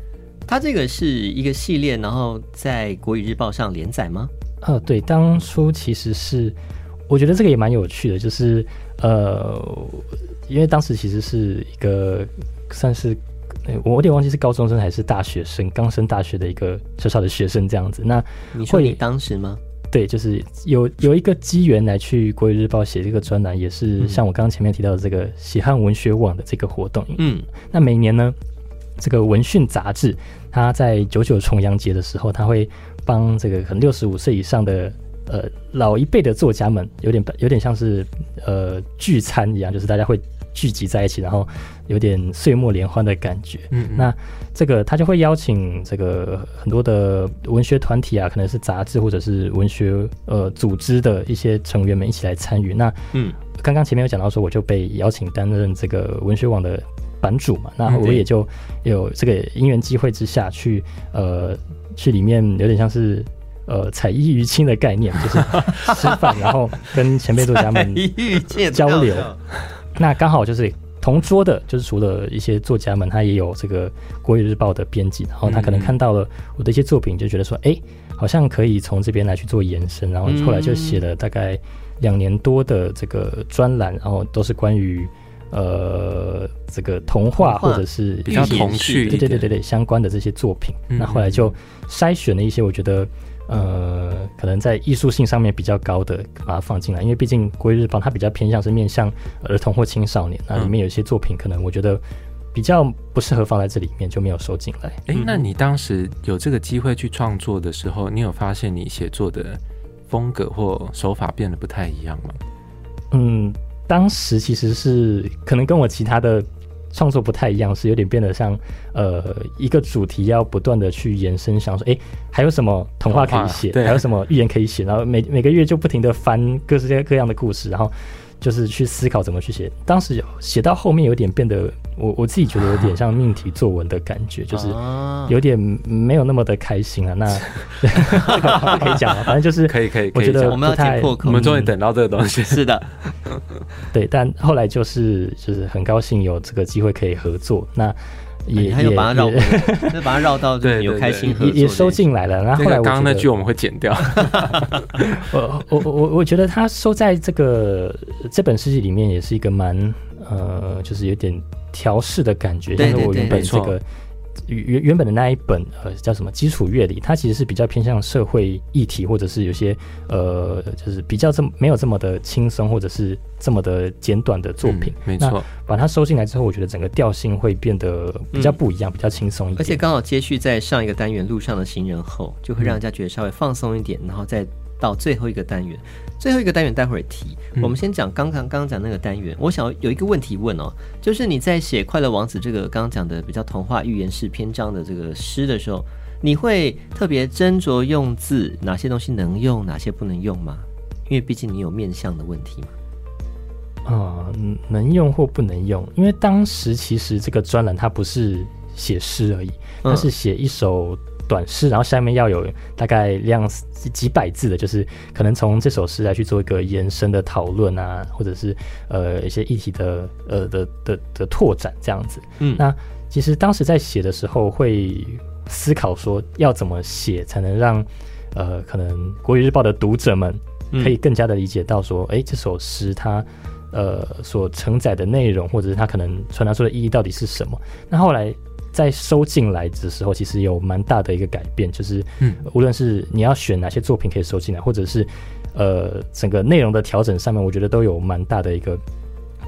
它這個是一個系列，然後在《國語日報》上連載嗎？呃，對，當初其實是，我覺得這個也蠻有趣的，就是呃，因為當時其實是一個。算是，我有點忘記是高中生還是大學生，剛升大學的一個小小的學生這樣子。那會，你說你當時嗎？對，就是有有一個機緣來去《國語日報》寫這個專欄，也是像我剛剛前面提到的這個“喜菡文學網”的這個活動。嗯，那每年呢，這個文《文訊》雜誌，他在九九重陽節的時候，他會幫這個可能六十五歲以上的呃老一輩的作家們，有點有點像是呃聚餐一樣，就是大家會聚集在一起，然後。有點歲末聯歡的感覺，嗯嗯，那這個他就會邀請這個很多的文學團體啊，可能是雜誌或者是文學呃組織的一些成員們一起來參與。那嗯，剛剛前面有講到說，我就被邀請擔任這個文學網的版主嘛，嗯、那我也就有這個因緣機會之下去呃去裡面有點像是呃彩衣娛親的概念，就是吃飯 然後跟前輩作家們 交流，那剛好就是。同桌的就是除了一些作家們，他也有這個《國語日報》的編輯，然後他可能看到了我的一些作品，就覺得說，誒，好像可以從這邊來去做延伸，然後後來就寫了大概兩年多的這個專欄，然後都是關於呃這個童話或者是比較童趣，對對對對對相關的這些作品，那後來就篩選了一些我覺得。呃，可能在藝術性上面比較高的，把它放進來，因為畢竟歸日邦，國語日報它比較偏向是面向兒童或青少年，那裡面有一些作品可能我覺得比較不適合放在這裡面，就沒有收進來。誒、嗯，欸，那你當時有這個機會去創作的時候，你有發現你寫作的風格或手法變得不太一樣嗎？嗯，當時其實是可能跟我其他的。創作不太一樣，是有點變得像，呃，一個主題要不斷的去延伸，想說，哎、欸，還有什麼童話可以寫，哦啊、對，還有什麼寓言可以寫，然後每每個月就不停的翻各式各樣的故事，然後就是去思考怎麼去寫。當時寫到後面有點變得。我我自己覺得有點像命題作文的感覺，啊、就是有點沒有那麼的開心了、啊。那 可以講了，反正就是可以可以，我覺得太我們要突破口，我們終於等到這個東西，是的。對，但後來就是就是很高興有這個機會可以合作。那也、啊、把繞也把它把它繞到有開心也也收進來了。對對對，然後剛後剛那句我們會剪掉。 我我我我覺得他收在這個這本詩集裡面也是一個蠻呃，就是有點。調試的感覺，像是我原本這個原原本的那一本呃叫什麼基礎樂理，它其實是比較偏向社會議題，或者是有些呃就是比較這沒有這麼的輕鬆，或者是這麼的簡短的作品。沒錯，把它收進來之後，我覺得整個調性會變得比較不一樣，比較輕鬆一點。嗯、而且剛好接續在上一個單元路上的行人後，就會讓人家覺得稍微放鬆一點，然後再。到最後一個單元，最後一個單元待會兒提。嗯、我們先講剛剛剛講那個單元。我想有一個問題問哦、喔，就是你在寫《快樂王子》這個剛剛講的比較童話寓言式篇章的這個詩的時候，你會特別斟酌用字，哪些東西能用，哪些不能用嗎？因為畢竟你有面向的問題嘛。啊、嗯，能用或不能用？因為當時其實這個專欄它不是寫詩而已，它是寫一首。短詩，然後下面要有大概量幾百字的，就是可能從這首詩來去做一個延伸的討論啊，或者是呃一些議題的呃的的的的拓展，這樣子。嗯，那其實當時在寫的時候會思考說，要怎麼寫才能讓呃可能國語日報的讀者們可以更加的理解到說，哎、嗯，這首詩它呃所承載的內容，或者是它可能傳達出的意義到底是什麼？那後來。在收進來的時候，其實有蠻大的一個改變，就是，嗯，無論是你要選哪些作品可以收進來，或者是，呃，整個內容的調整上面，我覺得都有蠻大的一個，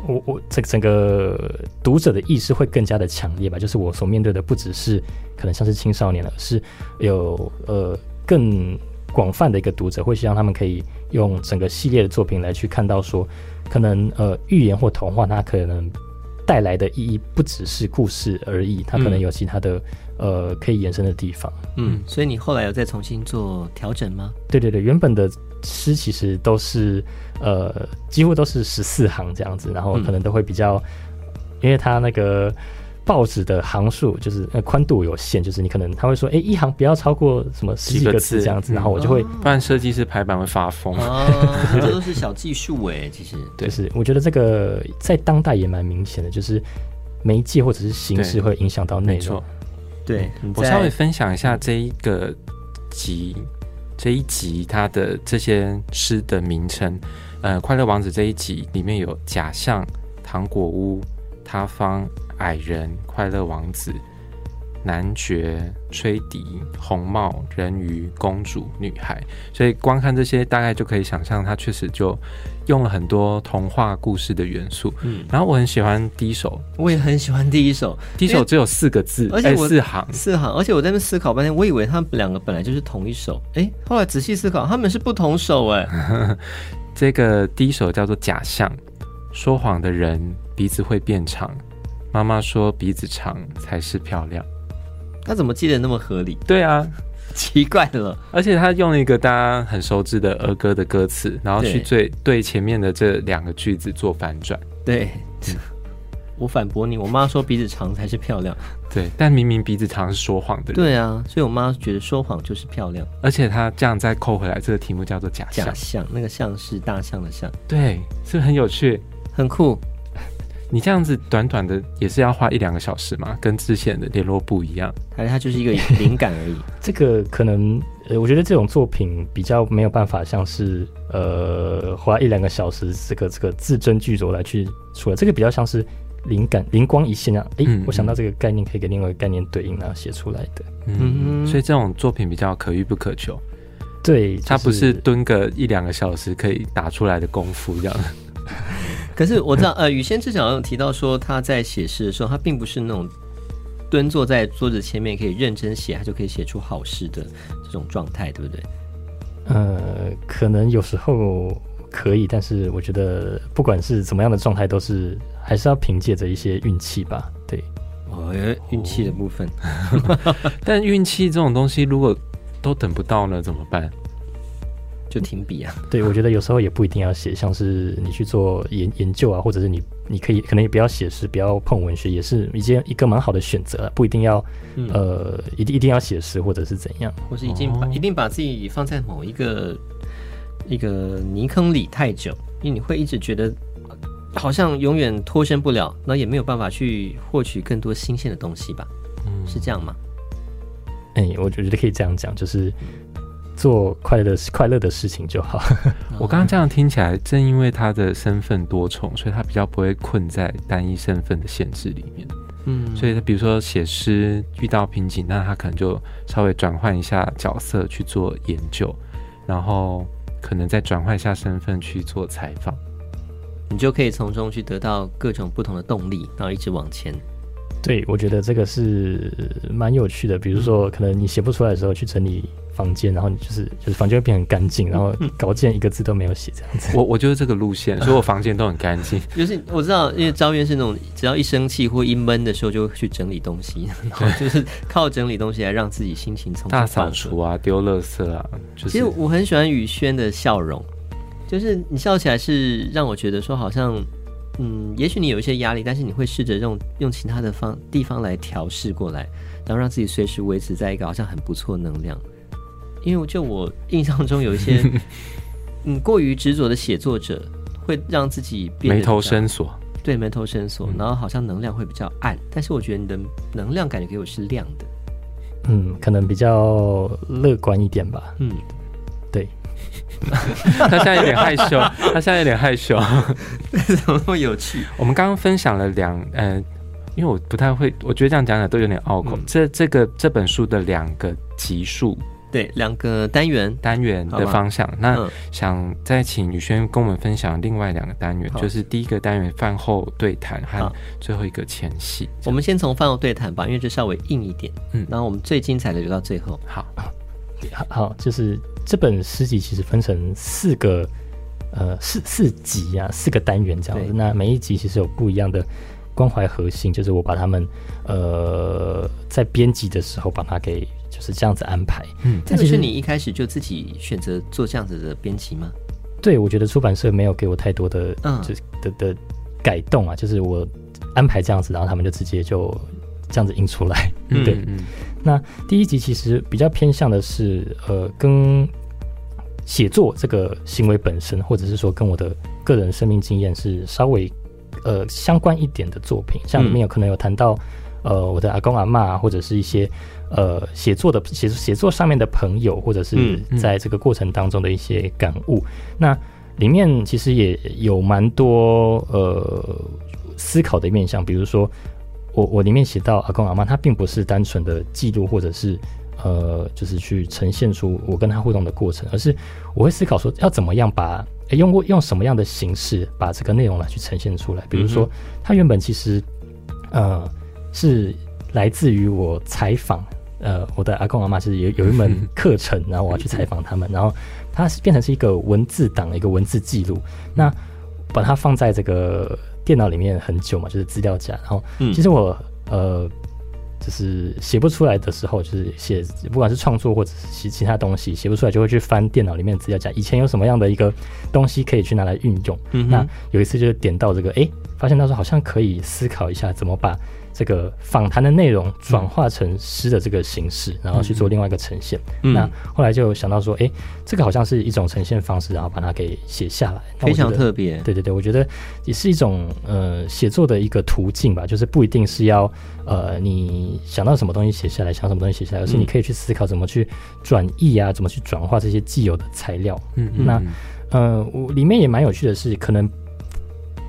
我我這整個讀者的意識會更加的強烈吧。就是我所面對的不只是可能像是青少年了，是有呃更廣泛的一個讀者，會希望他們可以用整個系列的作品來去看到說，可能呃寓言、或童話，那可能。帶來的意義不只是故事而已，它可能有其他的、嗯、呃可以延伸的地方。嗯，所以你後來有再重新做調整嗎？對對對，原本的詩其實都是呃幾乎都是十四行這樣子，然後可能都會比較，嗯、因為它那個。報紙的行數就是呃寬度有限，就是你可能他會說，哎、欸，一行不要超過什麼十幾個字這樣子，嗯、然後我就會、嗯、不然設計師排版會發瘋。啊、 這都是小技術哎、欸，其實對是，我覺得這個在當代也蠻明顯的，就是媒介或者是形式會影響到內容。對，對我稍微分享一下這一個集這一集它的這些詩的名稱，呃，快樂王子這一集裡面有假象、糖果屋。他方矮人快樂王子，男爵吹笛紅帽人魚公主女孩，所以光看這些大概就可以想象，他確實就用了很多童話故事的元素。嗯，然後我很喜歡第一首，我也很喜歡第一首。為第一首只有四個字，而且、欸、我四行，四行。而且我在那思考半天，我以為他們兩個本來就是同一首，誒、欸，後來仔細思考，他們是不同首、欸。誒，這個第一首叫做《假象》，說謊的人。鼻子會變長，媽媽說鼻子長才是漂亮。他怎麼記得那麼合理？對啊， 奇怪了。而且他用了一個大家很熟知的兒歌的歌詞，然後去對對，對前面的這兩個句子做反轉。對，嗯、我反駁你，我媽說鼻子長才是漂亮。對，但明明鼻子長是說謊的人。對啊，所以我媽覺得說謊就是漂亮。而且他這樣再扣回來，這個題目叫做假象。假象，那個象是大象的象。對，是不是很有趣，很酷。你這樣子短短的也是要花一兩個小時嘛，跟之前的聯絡簿一樣，它就是一個靈感而已。 這個可能，呃，我覺得這種作品比較沒有辦法，像是呃，花一兩個小時這個這個字斟句酌來去出來，這個比較像是靈感靈光一現啊，哎、欸，嗯嗯我想到這個概念可以跟另外一個概念對應啊，寫出來的。嗯，嗯，所以這種作品比較可遇不可求。對，就是、它不是蹲個一兩個小時可以打出來的功夫一樣。 可是我知道，呃，宇軒至少提到說，他在寫詩的時候，他並不是那種蹲坐在桌子前面可以認真寫，他就可以寫出好詩的這種狀態，對不對？呃，可能有時候可以，但是我覺得，不管是怎麼樣的狀態，都是還是要憑借着一些運氣吧。對，哦、呃，運氣的部分。 但運氣這種東西，如果都等不到了，怎麼辦？就停筆啊、嗯？對，我覺得有時候也不一定要寫，像是你去做研 研究啊，或者是你你可以可能也不要寫詩，不要碰文學，也是一件一個蠻好的選擇，啊，不一定要，嗯、呃，一定一定要寫詩或者是怎樣，或是已經把一定把自己放在某一個、哦、一個泥坑裡太久，因為你會一直覺得好像永遠脫身不了，那也沒有辦法去獲取更多新鮮的東西吧？嗯，是這樣嗎？哎、欸，我覺得可以這樣講，就是。嗯做快樂、快樂的事情就好。我剛剛這樣聽起來，正因為他的身份多重，所以他比較不會困在單一身份的限制裡面。嗯，所以他比如說寫詩遇到瓶頸，那他可能就稍微轉換一下角色去做研究，然後可能再轉換一下身份去做採訪，你就可以從中去得到各種不同的動力，然後一直往前。對，我覺得這個是蠻有趣的。比如說，可能你寫不出來的時候，去整理。房間，然後你就是就是房間會變得很乾淨，然後稿件一個字都沒有寫這樣子。我我就是這個路線，所以我房間都很乾淨。 就是我知道，因為昭淵是那種只要一生氣或一悶的時候，就會去整理東西，對然後就是靠整理東西來讓自己心情從，從大掃除啊，丟垃圾啊。就是、其實我很喜歡宇軒的笑容，就是你笑起來是讓我覺得說好像，嗯，也許你有一些壓力，但是你會試着用用其他的方地方來調試過來，然後讓自己隨時維持在一個好像很不錯的能量。因為就我印象中有一些 嗯過於執着的寫作者，會讓自己眉頭深鎖。對，眉頭深鎖，嗯、然後好像能量會比較暗。但是我覺得你的能量感覺給我是亮的。嗯，可能比較樂觀一點吧。嗯，對。 他現在有點害羞，他現在有點害羞。 怎麼那麼有趣？我們剛剛分享了兩嗯、呃，因為我不太會，我覺得這樣講講都有點拗口。嗯、這這個這本書的兩個級數。對，兩個單元單元的方向。吧那想再請宇軒跟我們分享另外兩個單元，嗯、就是第一個單元飯後對談和最後一個前戲。好我們先從飯後對談吧，因為就稍微硬一點。嗯，那我們最精彩的就到最後。好，好，好，就是這本詩集其實分成四個，呃，四四集啊，四個單元這樣子。對那每一集其實有不一樣的關懷核心，就是我把他們呃在編輯的時候把它給。就是這樣子安排，嗯，其實這個是你一開始就自己選擇做這樣子的編輯嗎？對，我覺得出版社沒有給我太多的，嗯、啊，的的改動啊，就是我安排這樣子，然後他們就直接就這樣子印出來，嗯嗯對。那第一集其實比較偏向的是，呃，跟寫作這個行為本身，或者是說跟我的個人生命經驗是稍微呃相關一點的作品，嗯、像裡面有可能有談到，呃，我的阿公阿嬤、啊、或者是一些。呃，寫作的寫寫作上面的朋友，或者是在這個過程當中的一些感悟。嗯嗯、那裡面其實也有蠻多呃思考的面向，比如說我我裡面寫到阿公阿媽，他並不是單純的記錄，或者是呃，就是去呈現出我跟他互動的過程，而是我會思考說要怎麼樣把、欸、用過用什麼樣的形式把這個內容來去呈現出來。比如說，他原本其實呃是來自於我採訪。呃，我的阿公阿媽是有有一門課程， 然後我要去採訪他們，然後它是變成是一個文字檔，一個文字記錄，那把它放在這個電腦裡面很久嘛，就是資料夾。然後其實我呃，就是寫不出來的時候，就是寫不管是創作或者是其其他東西寫不出來，就會去翻電腦裡面的資料夾，以前有什麼樣的一個東西可以去拿來運用。嗯、哼那有一次就是點到這個，哎，發現到說好像可以思考一下怎麼把。這個訪談的內容轉化成詩的這個形式，然後去做另外一個呈現。嗯、那後來就想到說，誒、欸，這個好像是一種呈現方式，然後把它給寫下來，非常特別。對對對，我覺得也是一種呃寫作的一個途徑吧，就是不一定是要呃你想到什麼東西寫下來，想什麼東西寫下來，而是你可以去思考怎麼去轉譯啊，怎麼去轉化這些既有的材料。嗯，嗯，那呃，我裡面也蠻有趣的是，可能。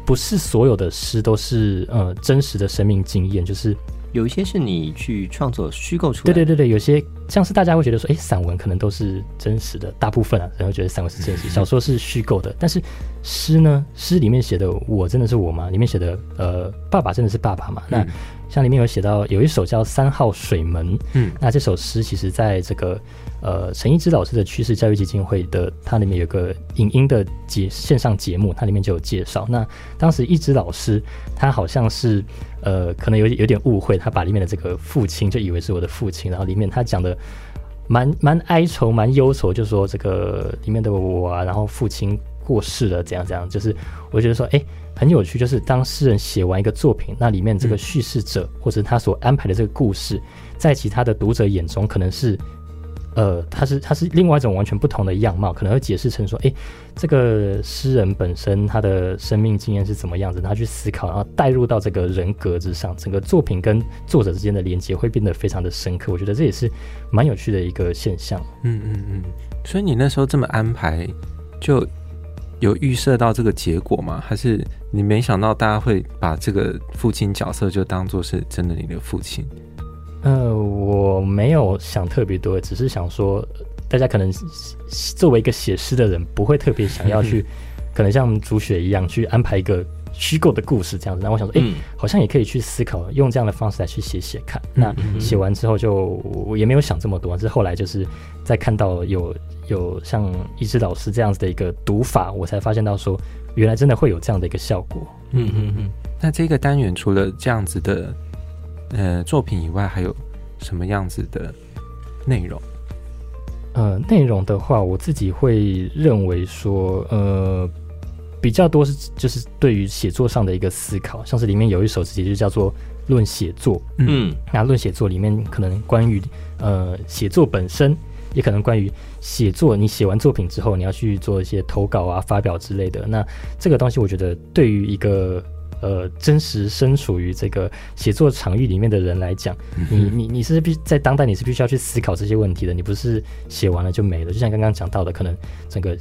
不是所有的詩都是呃真實的生命經驗，就是有一些是你去創作虛構出來的。對對對，有些像是大家會覺得說，誒、欸，散文可能都是真實的，大部分啊，然後覺得散文是真實，嗯嗯小說是虛構的。但是詩呢？詩裡面寫的我真的是我嗎？裡面寫的呃，爸爸真的是爸爸嗎？那、嗯、像裡面有寫到有一首叫《三號水門》，嗯，那這首詩其實在這個。呃，陳一之老師的趨勢教育基金會的，它裡面有個影音的節線上節目，它裡面就有介紹。那當時一之老師，他好像是呃，可能有有點誤會，他把裡面的這個父親就以為是我的父親，然後裡面他講的蠻蠻哀愁、蠻憂愁，就是說這個裡面的我，啊，然後父親過世了，怎樣怎樣，就是我覺得說，哎、欸，很有趣，就是當詩人寫完一個作品，那裡面這個敘事者、嗯、或者他所安排的這個故事，在其他的讀者眼中，可能是。呃，他是他是另外一種完全不同的樣貌，可能會解釋成說，哎，這個詩人本身他的生命經驗是怎麼樣子，他去思考，然後帶入到這個人格之上，整個作品跟作者之間的連接會變得非常的深刻。我覺得這也是蠻有趣的一個現象。嗯嗯嗯。所以你那時候這麼安排，就有預設到這個結果嗎？還是你沒想到大家會把這個父親角色就當做是真的你的父親？呃，我沒有想特別多，只是想說，大家可能作為一個寫詩的人，不會特別想要去，可能像竹雪一樣去安排一個虛構的故事這樣子。那我想說，哎、嗯欸，好像也可以去思考，用這樣的方式來去寫寫看。那寫完之後，就我也沒有想這麼多。是後來就是再看到有有像一只老師這樣子的一個讀法，我才發現到說，原來真的會有這樣的一個效果。嗯嗯嗯。那這個單元除了這樣子的。呃，作品以外還有什麼樣子的內容？呃，內容的話，我自己會認為說，呃，比較多是就是對於寫作上的一個思考，像是裡面有一首詞，也就叫做《論寫作》。嗯，那、啊《論寫作》裡面可能關於呃寫作本身，也可能關於寫作，你寫完作品之後，你要去做一些投稿啊、發表之類的。那這個東西，我覺得對於一個呃，真實身處於這個寫作場域裡面的人來講，嗯哼，你你你是必在當代，你是必須要去思考這些問題的。你不是寫完了就沒了，就像剛剛講到的，可能整個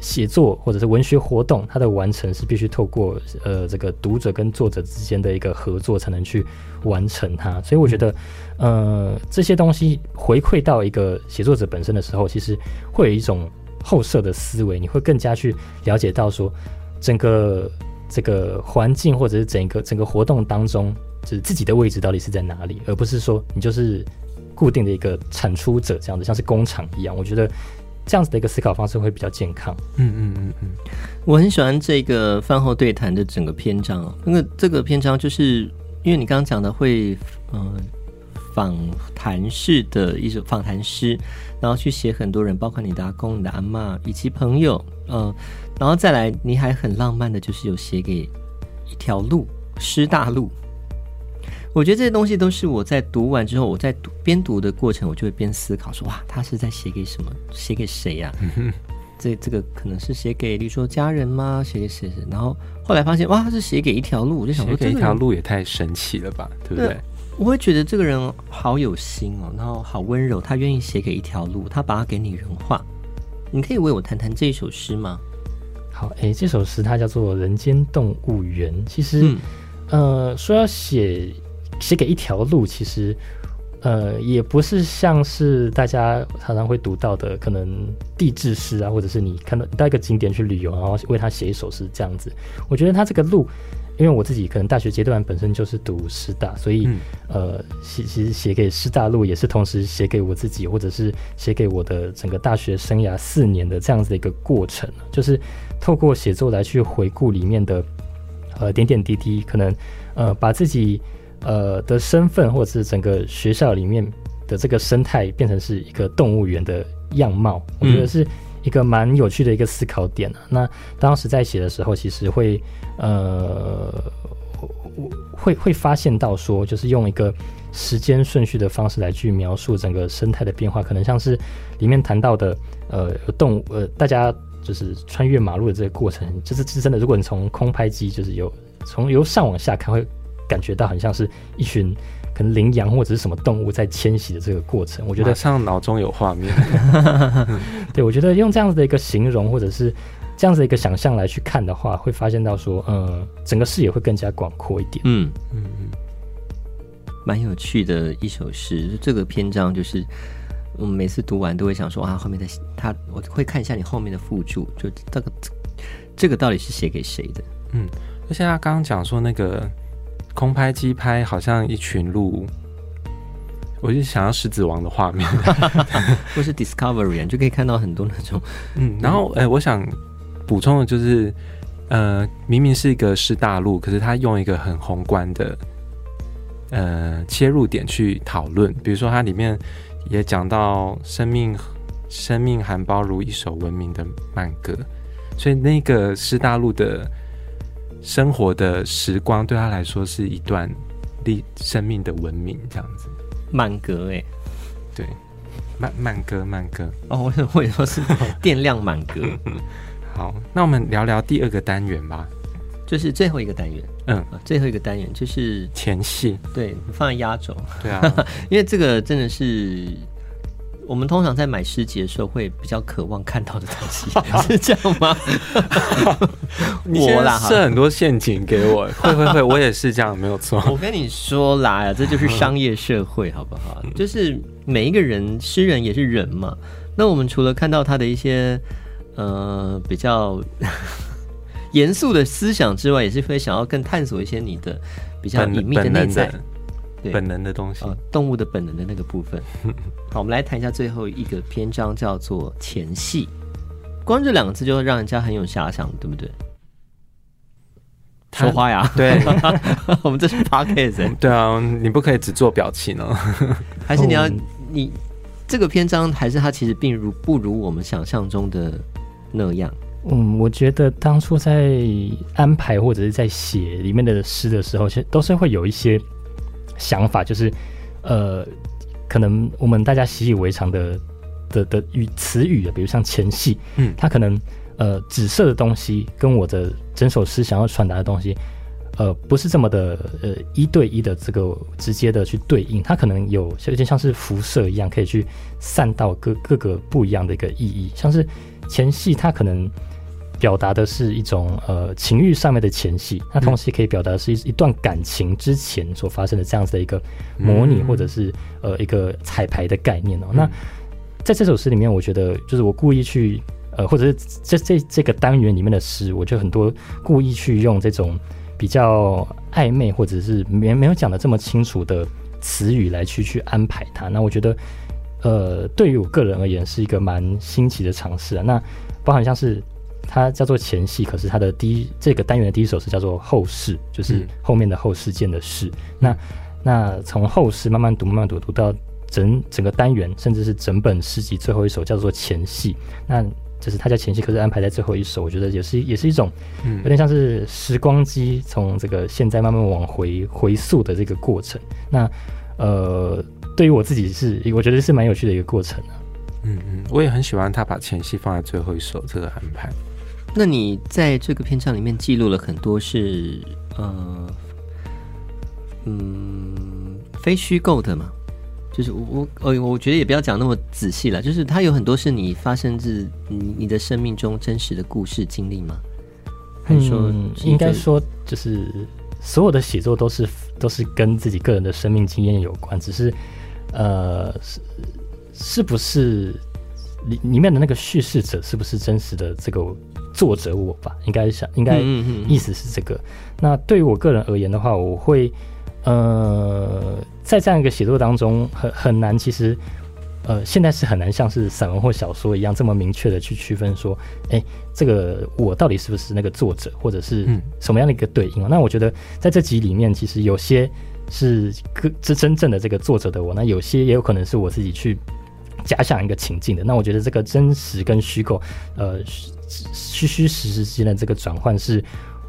寫作或者是文學活動，它的完成是必須透過呃這個讀者跟作者之間的一個合作才能去完成它。所以我覺得，嗯、呃，這些東西回饋到一個寫作者本身的時候，其實會有一種後設的思維，你會更加去了解到說整個。這個環境或者是整個整個活動當中，就是自己的位置到底是在哪裡，而不是說你就是固定的一個產出者這樣的，像是工廠一樣。我覺得這樣子的一個思考方式會比較健康。嗯嗯嗯嗯，嗯嗯嗯我很喜歡這個飯後對談的整個篇章，那個、這個篇章就是因為你剛剛講的會嗯。呃訪談式的一首訪談詩，然後去寫很多人，包括你的阿公、你的阿嬤、以及朋友，嗯、呃，然後再來，你還很浪漫的，就是有寫給一條路，師大路。我覺得這些東西都是我在讀完之後，我在讀邊讀的過程，我就會邊思考說，哇，他是在寫給什麼？寫給誰呀、啊？ 這這個可能是寫給，例如說家人嗎？寫給誰誰？然後後來發現，哇，他是寫給一條路，我就想說，這條路也太神奇了吧，對不對？對我會覺得這個人好有心哦，然後好溫柔，他願意寫給一條路，他把它給擬人化。你可以為我談談這首詩嗎？好，誒，這首詩它叫做《人間動物園》。其實，嗯、呃，說要寫寫給一條路，其實，呃，也不是像是大家常常會讀到的，可能地質詩啊，或者是你看到到一個景點去旅遊，然後為他寫一首詩這樣子。我覺得他這個路。因為我自己可能大學階段本身就是讀師大，所以、嗯、呃，其其實寫給師大陸也是同時寫給我自己，或者是寫給我的整個大學生涯四年的這樣子的一個過程，就是透過寫作來去回顧裡面的呃點點滴滴，可能呃把自己呃的身份或者是整個學校裡面的這個生態變成是一個動物園的樣貌，嗯、我覺得是一個蠻有趣的一個思考點、啊、那當時在寫的時候，其實會。呃，我會會發現到說，就是用一個時間順序的方式來去描述整個生態的變化，可能像是裡面談到的，呃，動物，呃，大家就是穿越馬路的這個過程，就是是真的。如果你從空拍機，就是有從由上往下看，會感覺到很像是一群可能羚羊或者是什麼動物在遷徙的這個過程。我覺得像腦中有畫面 對，對我覺得用這樣子的一個形容，或者是。這樣子一個想象來去看的話，會發現到說，呃、嗯、整個視野會更加廣闊一點。嗯嗯嗯，蠻、嗯、有趣的一首詩，這個篇章就是，我們每次讀完都會想說啊，後面的他，我會看一下你後面的附注，就這個、這個、這個到底是寫給誰的？嗯，而且他剛剛講說那個空拍機拍好像一群鹿，我就想要獅子王的畫面， 或是 Discovery， 就可以看到很多那種， 嗯，然後哎、欸，我想。補充的就是，呃，明明是一個是大陸，可是他用一個很宏觀的，呃，切入點去討論。比如說，它裡面也講到生命，生命含苞如一首文明的慢歌，所以那個是大陸的生活的時光，對他來說，是一段歷生命的文明這樣子。滿格哎、欸，對，慢慢歌，慢歌哦，我想我說是電量滿格。 好，那我們聊聊第二個單元吧，就是最後一個單元。嗯，最後一個單元就是前戲戲，對，放在壓軸。對啊，因為這個真的是我們通常在買詩集的時候會比較渴望看到的東西， 是這樣嗎？我設 很多陷阱給我， 會會會，我也是這樣，沒有錯。我跟你說啦，這就是商業社會，好不好？ 就是每一個人，詩人也是人嘛。那我們除了看到他的一些。呃，比較嚴肅的思想之外，也是會想要更探索一些你的比較隱祕的內在，本本能對本能的東西、呃，動物的本能的那個部分。好，我們來談一下最後一個篇章，叫做前戲。光這兩個字就會讓人家很有遐想，對不對？他說話呀，對， 我們這是 podcast 欸對啊，你不可以只做表情呢。哦， 還是你要你這個篇章，還是它其實並不如我們想象中的。那樣，嗯，我覺得當初在安排或者是在寫裡面的詩的時候，其實都是會有一些想法，就是，呃，可能我們大家習以為常的的的語詞語，比如像前戲，嗯，它可能呃，紫色的東西跟我的整首詩想要傳達的東西，呃，不是這麼的呃一對一的這個直接的去對應，它可能有有點像是輻射一樣，可以去散到各各個不一樣的一個意義，像是。前戲，它可能表達的是一種呃情欲上面的前戲，它同時可以表達是一一段感情之前所發生的這樣子的一個模擬或者是，嗯、呃一個彩排的概念哦。嗯、那在這首詩裡面，我覺得就是我故意去呃，或者是這這這個單元裡面的詩，我覺得很多故意去用這種比較曖昧或者是沒沒有講得這麼清楚的詞語來去去安排它。那我覺得。呃，對於我個人而言，是一個蠻新奇的嘗試啊。那包含像是它叫做前戲，可是它的第一，這個單元的第一首是叫做後事，就是後面的後事件的事。嗯、那那從後事慢慢讀，慢慢讀，讀到整整個單元，甚至是整本詩集最後一首叫做前戲。那就是它叫前戲，可是安排在最後一首，我覺得也是也是一種，有點像是時光機從這個現在慢慢往回回溯的這個過程。那呃。對於我自己是，我覺得是蠻有趣的一個過程。嗯、啊、嗯，我也很喜歡他把前戲放在最後一首這個安排。那你在這個篇章裡面記錄了很多是，呃，嗯，非虛構的嘛？就是我我我我覺得也不要講那麼仔細了，就是他有很多是你發生自你，你的生命中真實的故事經歷嗎？還是說、嗯、應該說就是、嗯、所有的寫作都是都是跟自己個人的生命經驗有關，只是。呃，是是不是裡裡面的那個敘事者是不是真實的這個作者我吧，應該想應該意思是這個。那對於我個人而言的話，我會呃，在這樣一個寫作當中很很難，其實呃，現在是很難像是散文或小說一樣這麼明確的去區分說，哎，這個我到底是不是那個作者，或者是什麼樣的一個對應。嗯。那我覺得在這集裡面，其實有些。是個這真正的這個作者的我，那有些也有可能是我自己去假想一個情境的。那我覺得這個真實跟虛構，呃，虛虛實實之間的這個轉換，是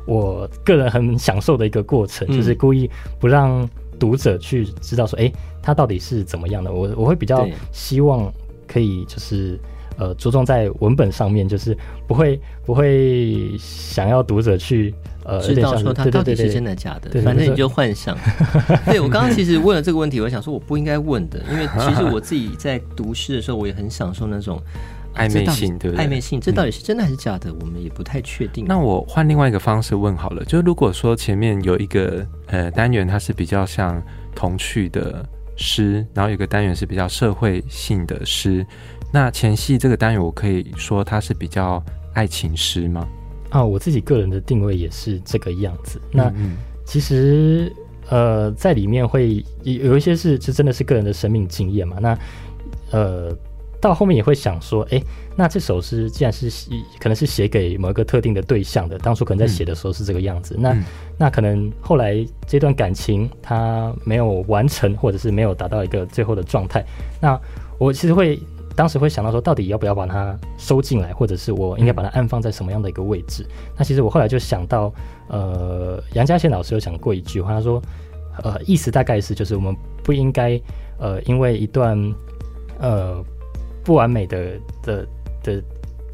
我個人很享受的一個過程，就是故意不讓讀者去知道說，哎、嗯，他到底是怎麼樣的。我我會比較希望可以就是呃，着重在文本上面，就是不會不會想要讀者去。知道說他到底是真的假的，對對對對，反正你就幻想。對，對，對，對，對我剛剛其實問了這個問題， 我想說我不應該問的，因為其實我自己在讀詩的時候，我也很享受那種曖、 啊、昧性，對不對？曖昧性，這到底是真的還是假的，嗯、我們也不太確定。那我換另外一個方式問好了，就是如果說前面有一個呃單元，它是比較像童趣的詩，然後有一個單元是比較社會性的詩，那前戲這個單元，我可以說它是比較愛情詩嗎？啊、哦，我自己個人的定位也是這個樣子。嗯嗯，那其實，呃，在裡面會有一些是，這真的是個人的生命經驗嘛。那呃，到後面也會想說，誒，那這首詩既然是可能是寫給某一個特定的對象的，當初可能在寫的時候是這個樣子。嗯、那那可能後來這段感情它沒有完成，或者是沒有達到一個最後的狀態。那我其實會。當時會想到說，到底要不要把它收進來，或者是我應該把它安放在什麼樣的一個位置？嗯、那其實我後來就想到，呃，楊佳嫻老師有講過一句話，他說，呃，意思大概是就是我們不應該，呃，因為一段，呃，不完美的的的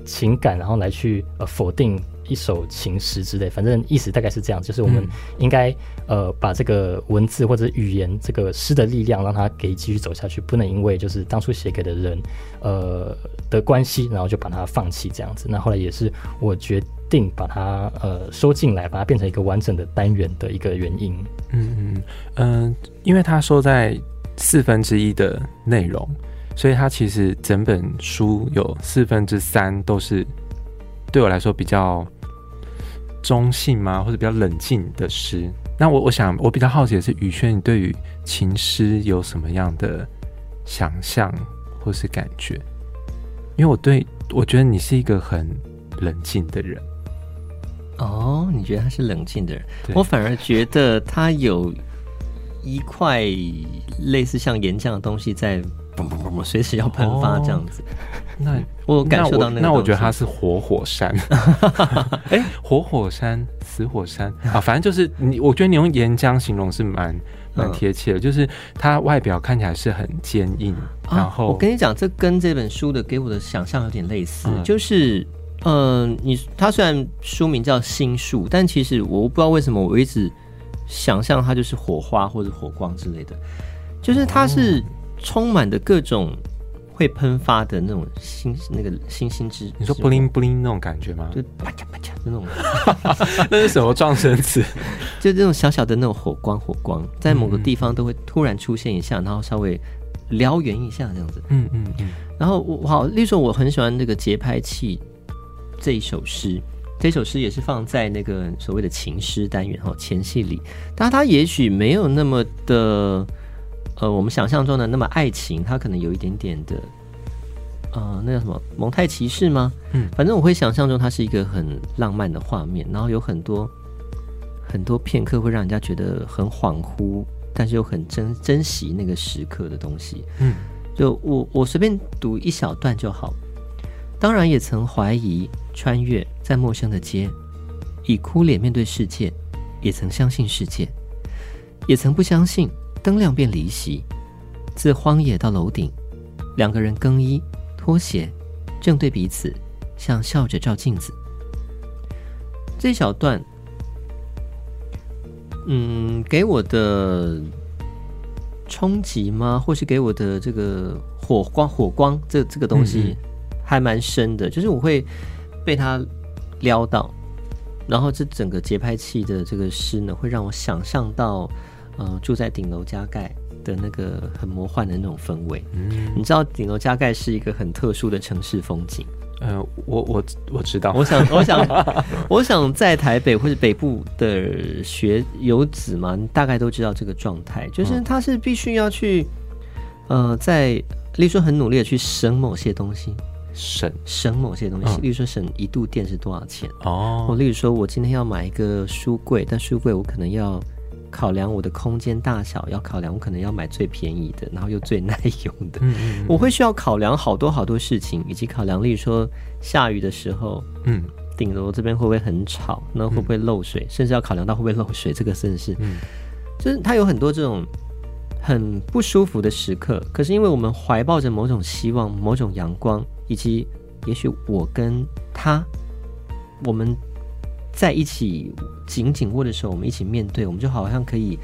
情感，然後來去呃否定一首情詩之類。反正意思大概是這樣，就是我們應該。呃，把這個文字或者語言，這個詩的力量，讓它給繼續走下去，不能因為就是當初寫給的人，呃的關係，然後就把它放棄這樣子。那後來也是我決定把它呃收進來，把它變成一個完整的單元的一個原因。嗯嗯，呃，因為它說在四分之一的內容，所以它其實整本書有四分之三都是對我來說比較中性嗎，或者比較冷靜的詩。那我，我想，我比較好奇的是，宇軒，你對於情詩有什麼樣的想象或是感覺？因為我對，我覺得你是一個很冷靜的人。哦，你覺得他是冷靜的人？對我反而覺得他有一塊類似像岩漿的東西在。不隨時要噴發這樣子。哦、那我感受到那,個那，那我覺得它是活火,火山。哎，活火山、死火山啊、嗯，反正就是你。我覺得你用岩漿形容是蠻蠻貼切的，就是它外表看起來是很堅硬。然後、啊、我跟你講，這跟這本書的給我的想象有點類似。嗯、就是，嗯、呃，你它雖然書名叫《心術》，但其實我不知道為什麼我一直想象它就是火花或者火光之類的。就是它是。哦充滿的各種會噴發的那種星，那個星星之、之，你說 “bling bling” 那種感覺嗎？就啪啪啪嚓，就那種， 那是什麼狀聲詞？就這種小小的那種火光，火光在某個地方都會突然出現一下，然後稍微燎原一下這樣子。嗯嗯嗯。然後我好，例如說我很喜歡那個節拍器這一首詩，這首詩也是放在那個所謂的情詩單元哈前戲裡，但它也許沒有那麼的。呃，我們想象中的那麼愛情，它可能有一點點的，呃，那叫什麼蒙太奇是嗎？嗯，反正我會想象中它是一個很浪漫的畫面，然後有很多很多片刻會讓人家覺得很恍惚，但是又很珍珍惜那個時刻的東西。嗯，就我我隨便讀一小段就好。當然也曾懷疑，穿越在陌生的街，以哭臉面對世界，也曾相信世界，也曾不相信。燈亮便離席，自荒野到樓頂，兩個人更衣，脫鞋，正對彼此，像笑着照鏡子。這一小段，嗯，給我的衝擊嗎？或是給我的這個火光，火光這這個東西，還蠻深的。嗯嗯，就是我會被他撩到，然後這整個節拍器的這個詩呢，會讓我想象到，呃、住在頂樓加蓋的那個很魔幻的那種氛圍。嗯、你知道頂樓加蓋是一個很特殊的城市風景。呃、我我我知道。 我想我想我想在台北或者北部的學遊子嘛，大概都知道這個狀態，就是他是必須要去，嗯、呃，在例如說很努力的去省某些東西，省省某些東西，嗯、例如說省一度電是多少錢哦。例如說我今天要買一個書櫃，但書櫃我可能要。考量我的空間大小，要考量我可能要買最便宜的，然後又最耐用的。嗯嗯嗯，我會需要考量好多好多事情，以及考量，例如說下雨的時候，嗯，頂樓這邊會不會很吵？那會不會漏水？嗯、甚至要考量到會不會漏水，這個真的是，嗯、就是它有很多這種很不舒服的時刻。可是因為我們懷抱着某種希望、某種陽光，以及也許我跟他，我們。在一起緊緊握的時候，我們一起面對，我們就好像可以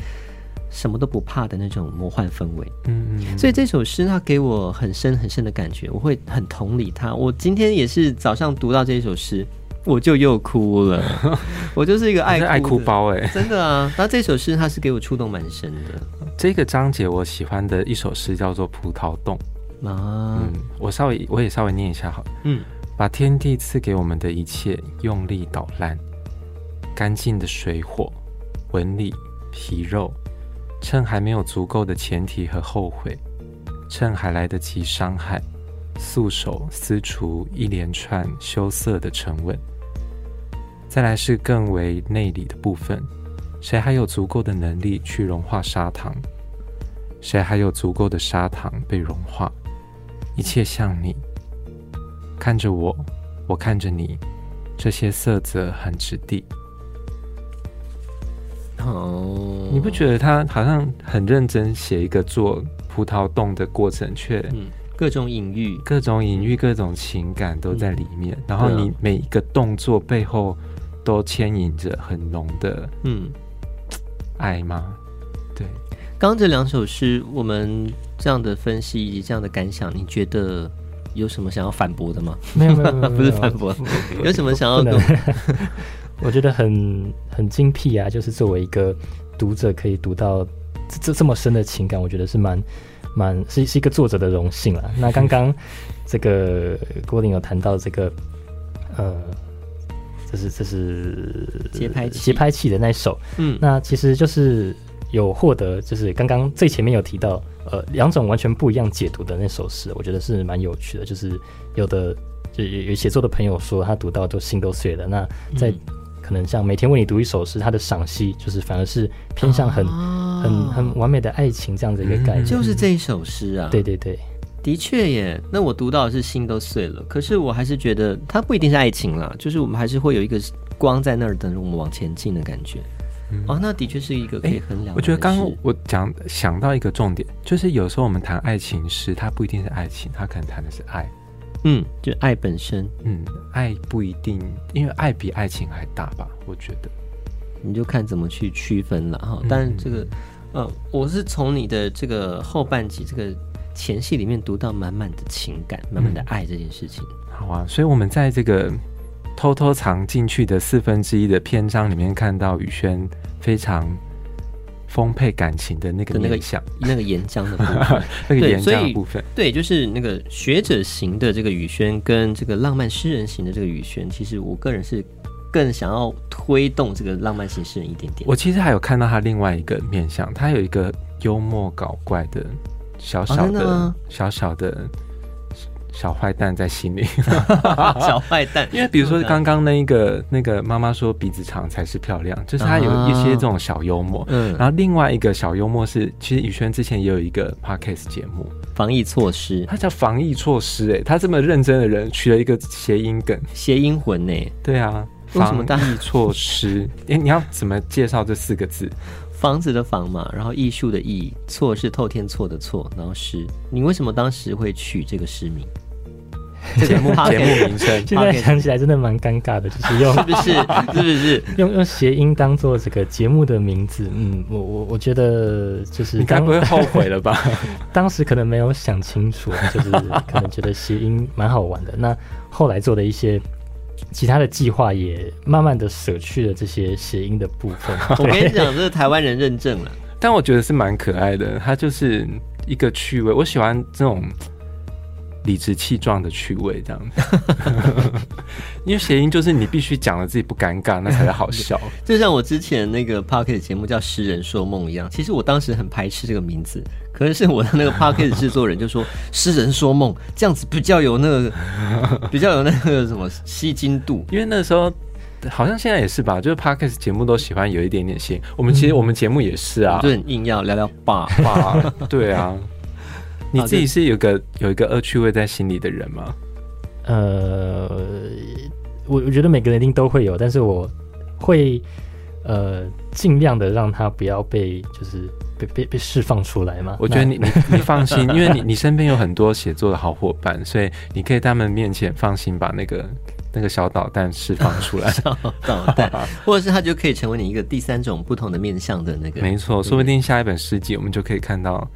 什麼都不怕的那種魔幻氛圍。嗯，所以這首詩它給我很深很深的感覺，我會很同理它。我今天也是早上讀到這首詩，我就又哭了。呵呵，我就是一個愛哭愛哭包哎、欸，真的啊。那這首詩它是給我觸動蠻深的。這個章節我喜歡的一首詩叫做《葡萄洞》啊、嗯，我稍微我也稍微念一下好，嗯，把天地賜給我們的一切用力搗爛。乾淨的水火紋理皮肉，趁還沒有足夠的前提和後悔，趁還來得及傷害，素手撕除一連串羞澀的沉穩。再來是更為內裡的部分，誰還有足夠的能力去融化砂糖？誰還有足夠的砂糖被融化？一切像你看着我，我看着你，這些色澤很質地。哦，oh, 你不覺得他好像很認真寫一個做葡萄凍的過程，卻各種隱喻、嗯、各種隱喻、各種情感都在裡面。嗯、然後你每一個動作背後都牽引着很濃的嗯愛嗎？對，剛這兩首詩，我們這樣的分析以及這樣的感想，你覺得有什麼想要反駁的嗎？沒有,沒,有沒,有沒有，沒有，不是反駁。有什麼想要不 我覺得很很精闢啊，就是作為一個讀者可以讀到這這，這麼深的情感，我覺得是蠻蠻是是一個作者的榮幸啊。那剛剛這個 郭霖有談到這個，呃，這是這是節拍節拍器的那首，嗯，那其實就是有獲得就是剛剛最前面有提到，呃，兩種完全不一樣解讀的那首詩，我覺得是蠻有趣的，就是有的就有有寫作的朋友說他讀到都心都碎了，那在。嗯可能像每天為你讀一首詩，他的賞析就是反而是偏向很、啊、很、很完美的愛情這樣子一個概念。嗯、就是這一首詩啊，對對對，的確耶。那我讀到的是心都碎了，可是我還是覺得它不一定是愛情了，就是我們還是會有一個光在那兒等着我們往前進的感覺。嗯、哦，那的確是一個可以很了解、欸。我覺得剛剛我講想到一個重點，就是有時候我們談愛情時，它不一定是愛情，它可能談的是愛。嗯，就愛本身，嗯，愛不一定，因為愛比愛情還大吧？我覺得，你就看怎麼去區分了哈。嗯嗯。但是這個，呃，我是從你的這個後半集這個前戲裡面讀到滿滿的情感，滿滿的愛這件事情。嗯。好啊，所以我們在這個偷偷藏進去的四分之一的篇章裡面，看到宇軒非常。豐沛感情的那個那個像那個岩漿的，那個岩漿的 部分。對，所以，對，就是那個學者型的這個宇軒，跟這個浪漫詩人型的這個宇軒，其實我個人是更想要推動這個浪漫型詩人一點點。我其實還有看到他另外一個面向，他有一個幽默搞怪的小小的小小的，啊小壞蛋在心裡，小壞壞蛋，因為比如說剛剛那一個那個媽媽說鼻子長才是漂亮，就是他有一些這種小幽默。嗯，然後另外一個小幽默是，其實宇軒之前也有一個 podcast 節目，防疫措施，他叫防疫措施。哎，他這麼認真的人，取了一個諧音梗，諧音魂呢？對啊，防疫措施。哎，你要怎麼介紹這四個字？房子的房嘛，然後藝術的藝，厝是透天厝的厝，然後詩。你為什麼當時會取這個詩名？節目節目名稱， 現在想起來真的蠻尷尬的，就是用 是不是是不是用用諧音當做這個節目的名字？嗯，我我我覺得就是你該不會後悔了吧？ 當時可能沒有想清楚，就是可能覺得諧音蠻好玩的。 那後來做的一些其他的計劃，也慢慢的捨去了這些諧音的部分。我跟你講，這是台灣人認證了，但我覺得是蠻可愛的，它就是一個趣味，我喜歡這種。理直氣壯的趣味這樣子， 因為諧音就是你必須講了自己不尷尬，那才好笑。 就像我之前那個 Podcast 節目叫《詩人說夢》一樣，其實我當時很排斥這個名字，可是我的那個 Podcast 製作人就說《詩 人說夢》這樣子比較有那個 比較有那個什麼吸睛度，因為那時候好像現在也是吧，就是 Podcast 節目都喜歡有一點點諧。我們其實我們節目也是啊，嗯、就很硬要聊聊 BAR，BAR 對啊。你自己是有個有一個惡趣味在心裡的人嗎？呃，我我覺得每個人一定都會有，但是我會呃儘量的讓他不要被就是被被被釋放出來嘛。我覺得你你你放心， 因為你你身邊有很多寫作的好夥伴，所以你可以在他們面前放心把那個那個小導彈釋放出來，啊，小導彈， 或者是他就可以成為你一個第三種不同的面向的那個。沒錯，說不定下一本詩集我們就可以看到。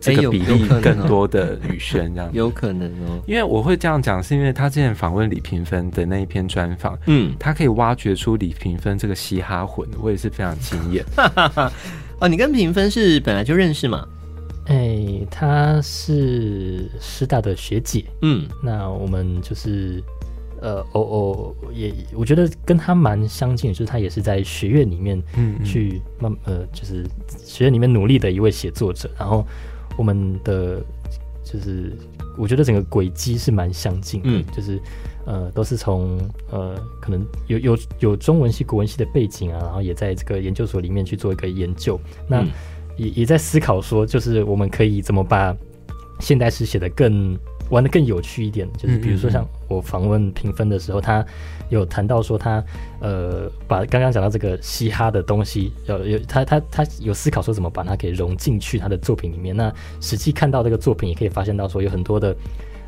這個比例更多的女生這樣，有可能哦。因為我會這樣講，是因為他之前訪問李蘋芬的那一篇專訪，嗯，他可以挖掘出李蘋芬這個嘻哈魂，我也是非常驚艷。哈哈哈哈哦，你跟蘋芬是本來就認識嘛？哎，他是師大的學姐，嗯，那我們就是呃，哦哦，也我覺得跟他蠻相近，就是他也是在學院裡面，嗯，嗯，去慢呃，就是學院裡面努力的一位寫作者，然後。我們的就是，我覺得整個軌跡是蠻相近的，就是呃，都是從呃，可能有有有中文系、國文系的背景啊，然後也在這個研究所裡面去做一個研究，那也也在思考說，就是我們可以怎麼把現代詩寫得更。玩得更有趣一點，就是比如說像我訪問評分的時候，嗯嗯、他有談到說他呃把剛剛講到這個嘻哈的東西，呃有他他他，他有思考說怎麼把它給融進去他的作品裡面。那實際看到這個作品，也可以發現到說有很多的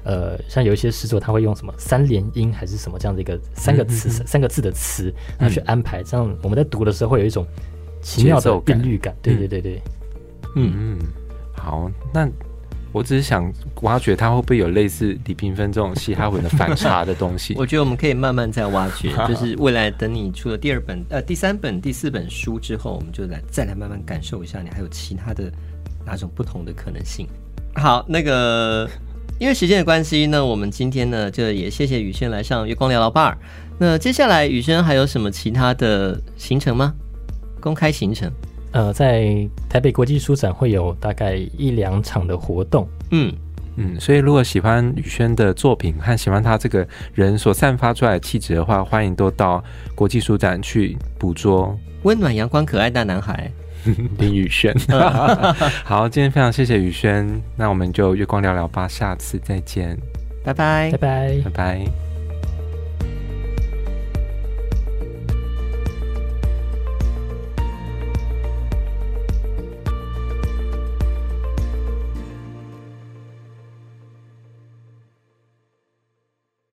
呃，像有一些詩作，他會用什麼三連音還是什麼這樣的一個三個詞、嗯嗯嗯、三個字的詞，然後去安排，這樣我們在讀的時候會有一種奇妙的韻律感。感對對對對，嗯，嗯，好，那。我只是想挖掘它會不會有類似李冰冰這種嘻哈文的反差的東西。 我覺得我們可以慢慢再挖掘， 就是未來等你出了第二本、呃第三本、第四本書之後，我們就來再來慢慢感受一下你還有其他的哪種不同的可能性。好，那個因為時間的關係，那我們今天呢就也謝謝宇軒來上月光聊聊 BAR。那接下來宇軒還有什麼其他的行程嗎？公開行程。呃，在台北國際書展會有大概一兩場的活動，嗯嗯，所以如果喜歡宇軒的作品和喜歡他這個人所散發出來的氣質的話，歡迎都到國際書展去捕捉溫暖、陽光、可愛大男孩林宇軒。好，今天非常謝謝宇軒，那我們就月光聊聊吧，下次再見，拜拜，拜拜，拜拜。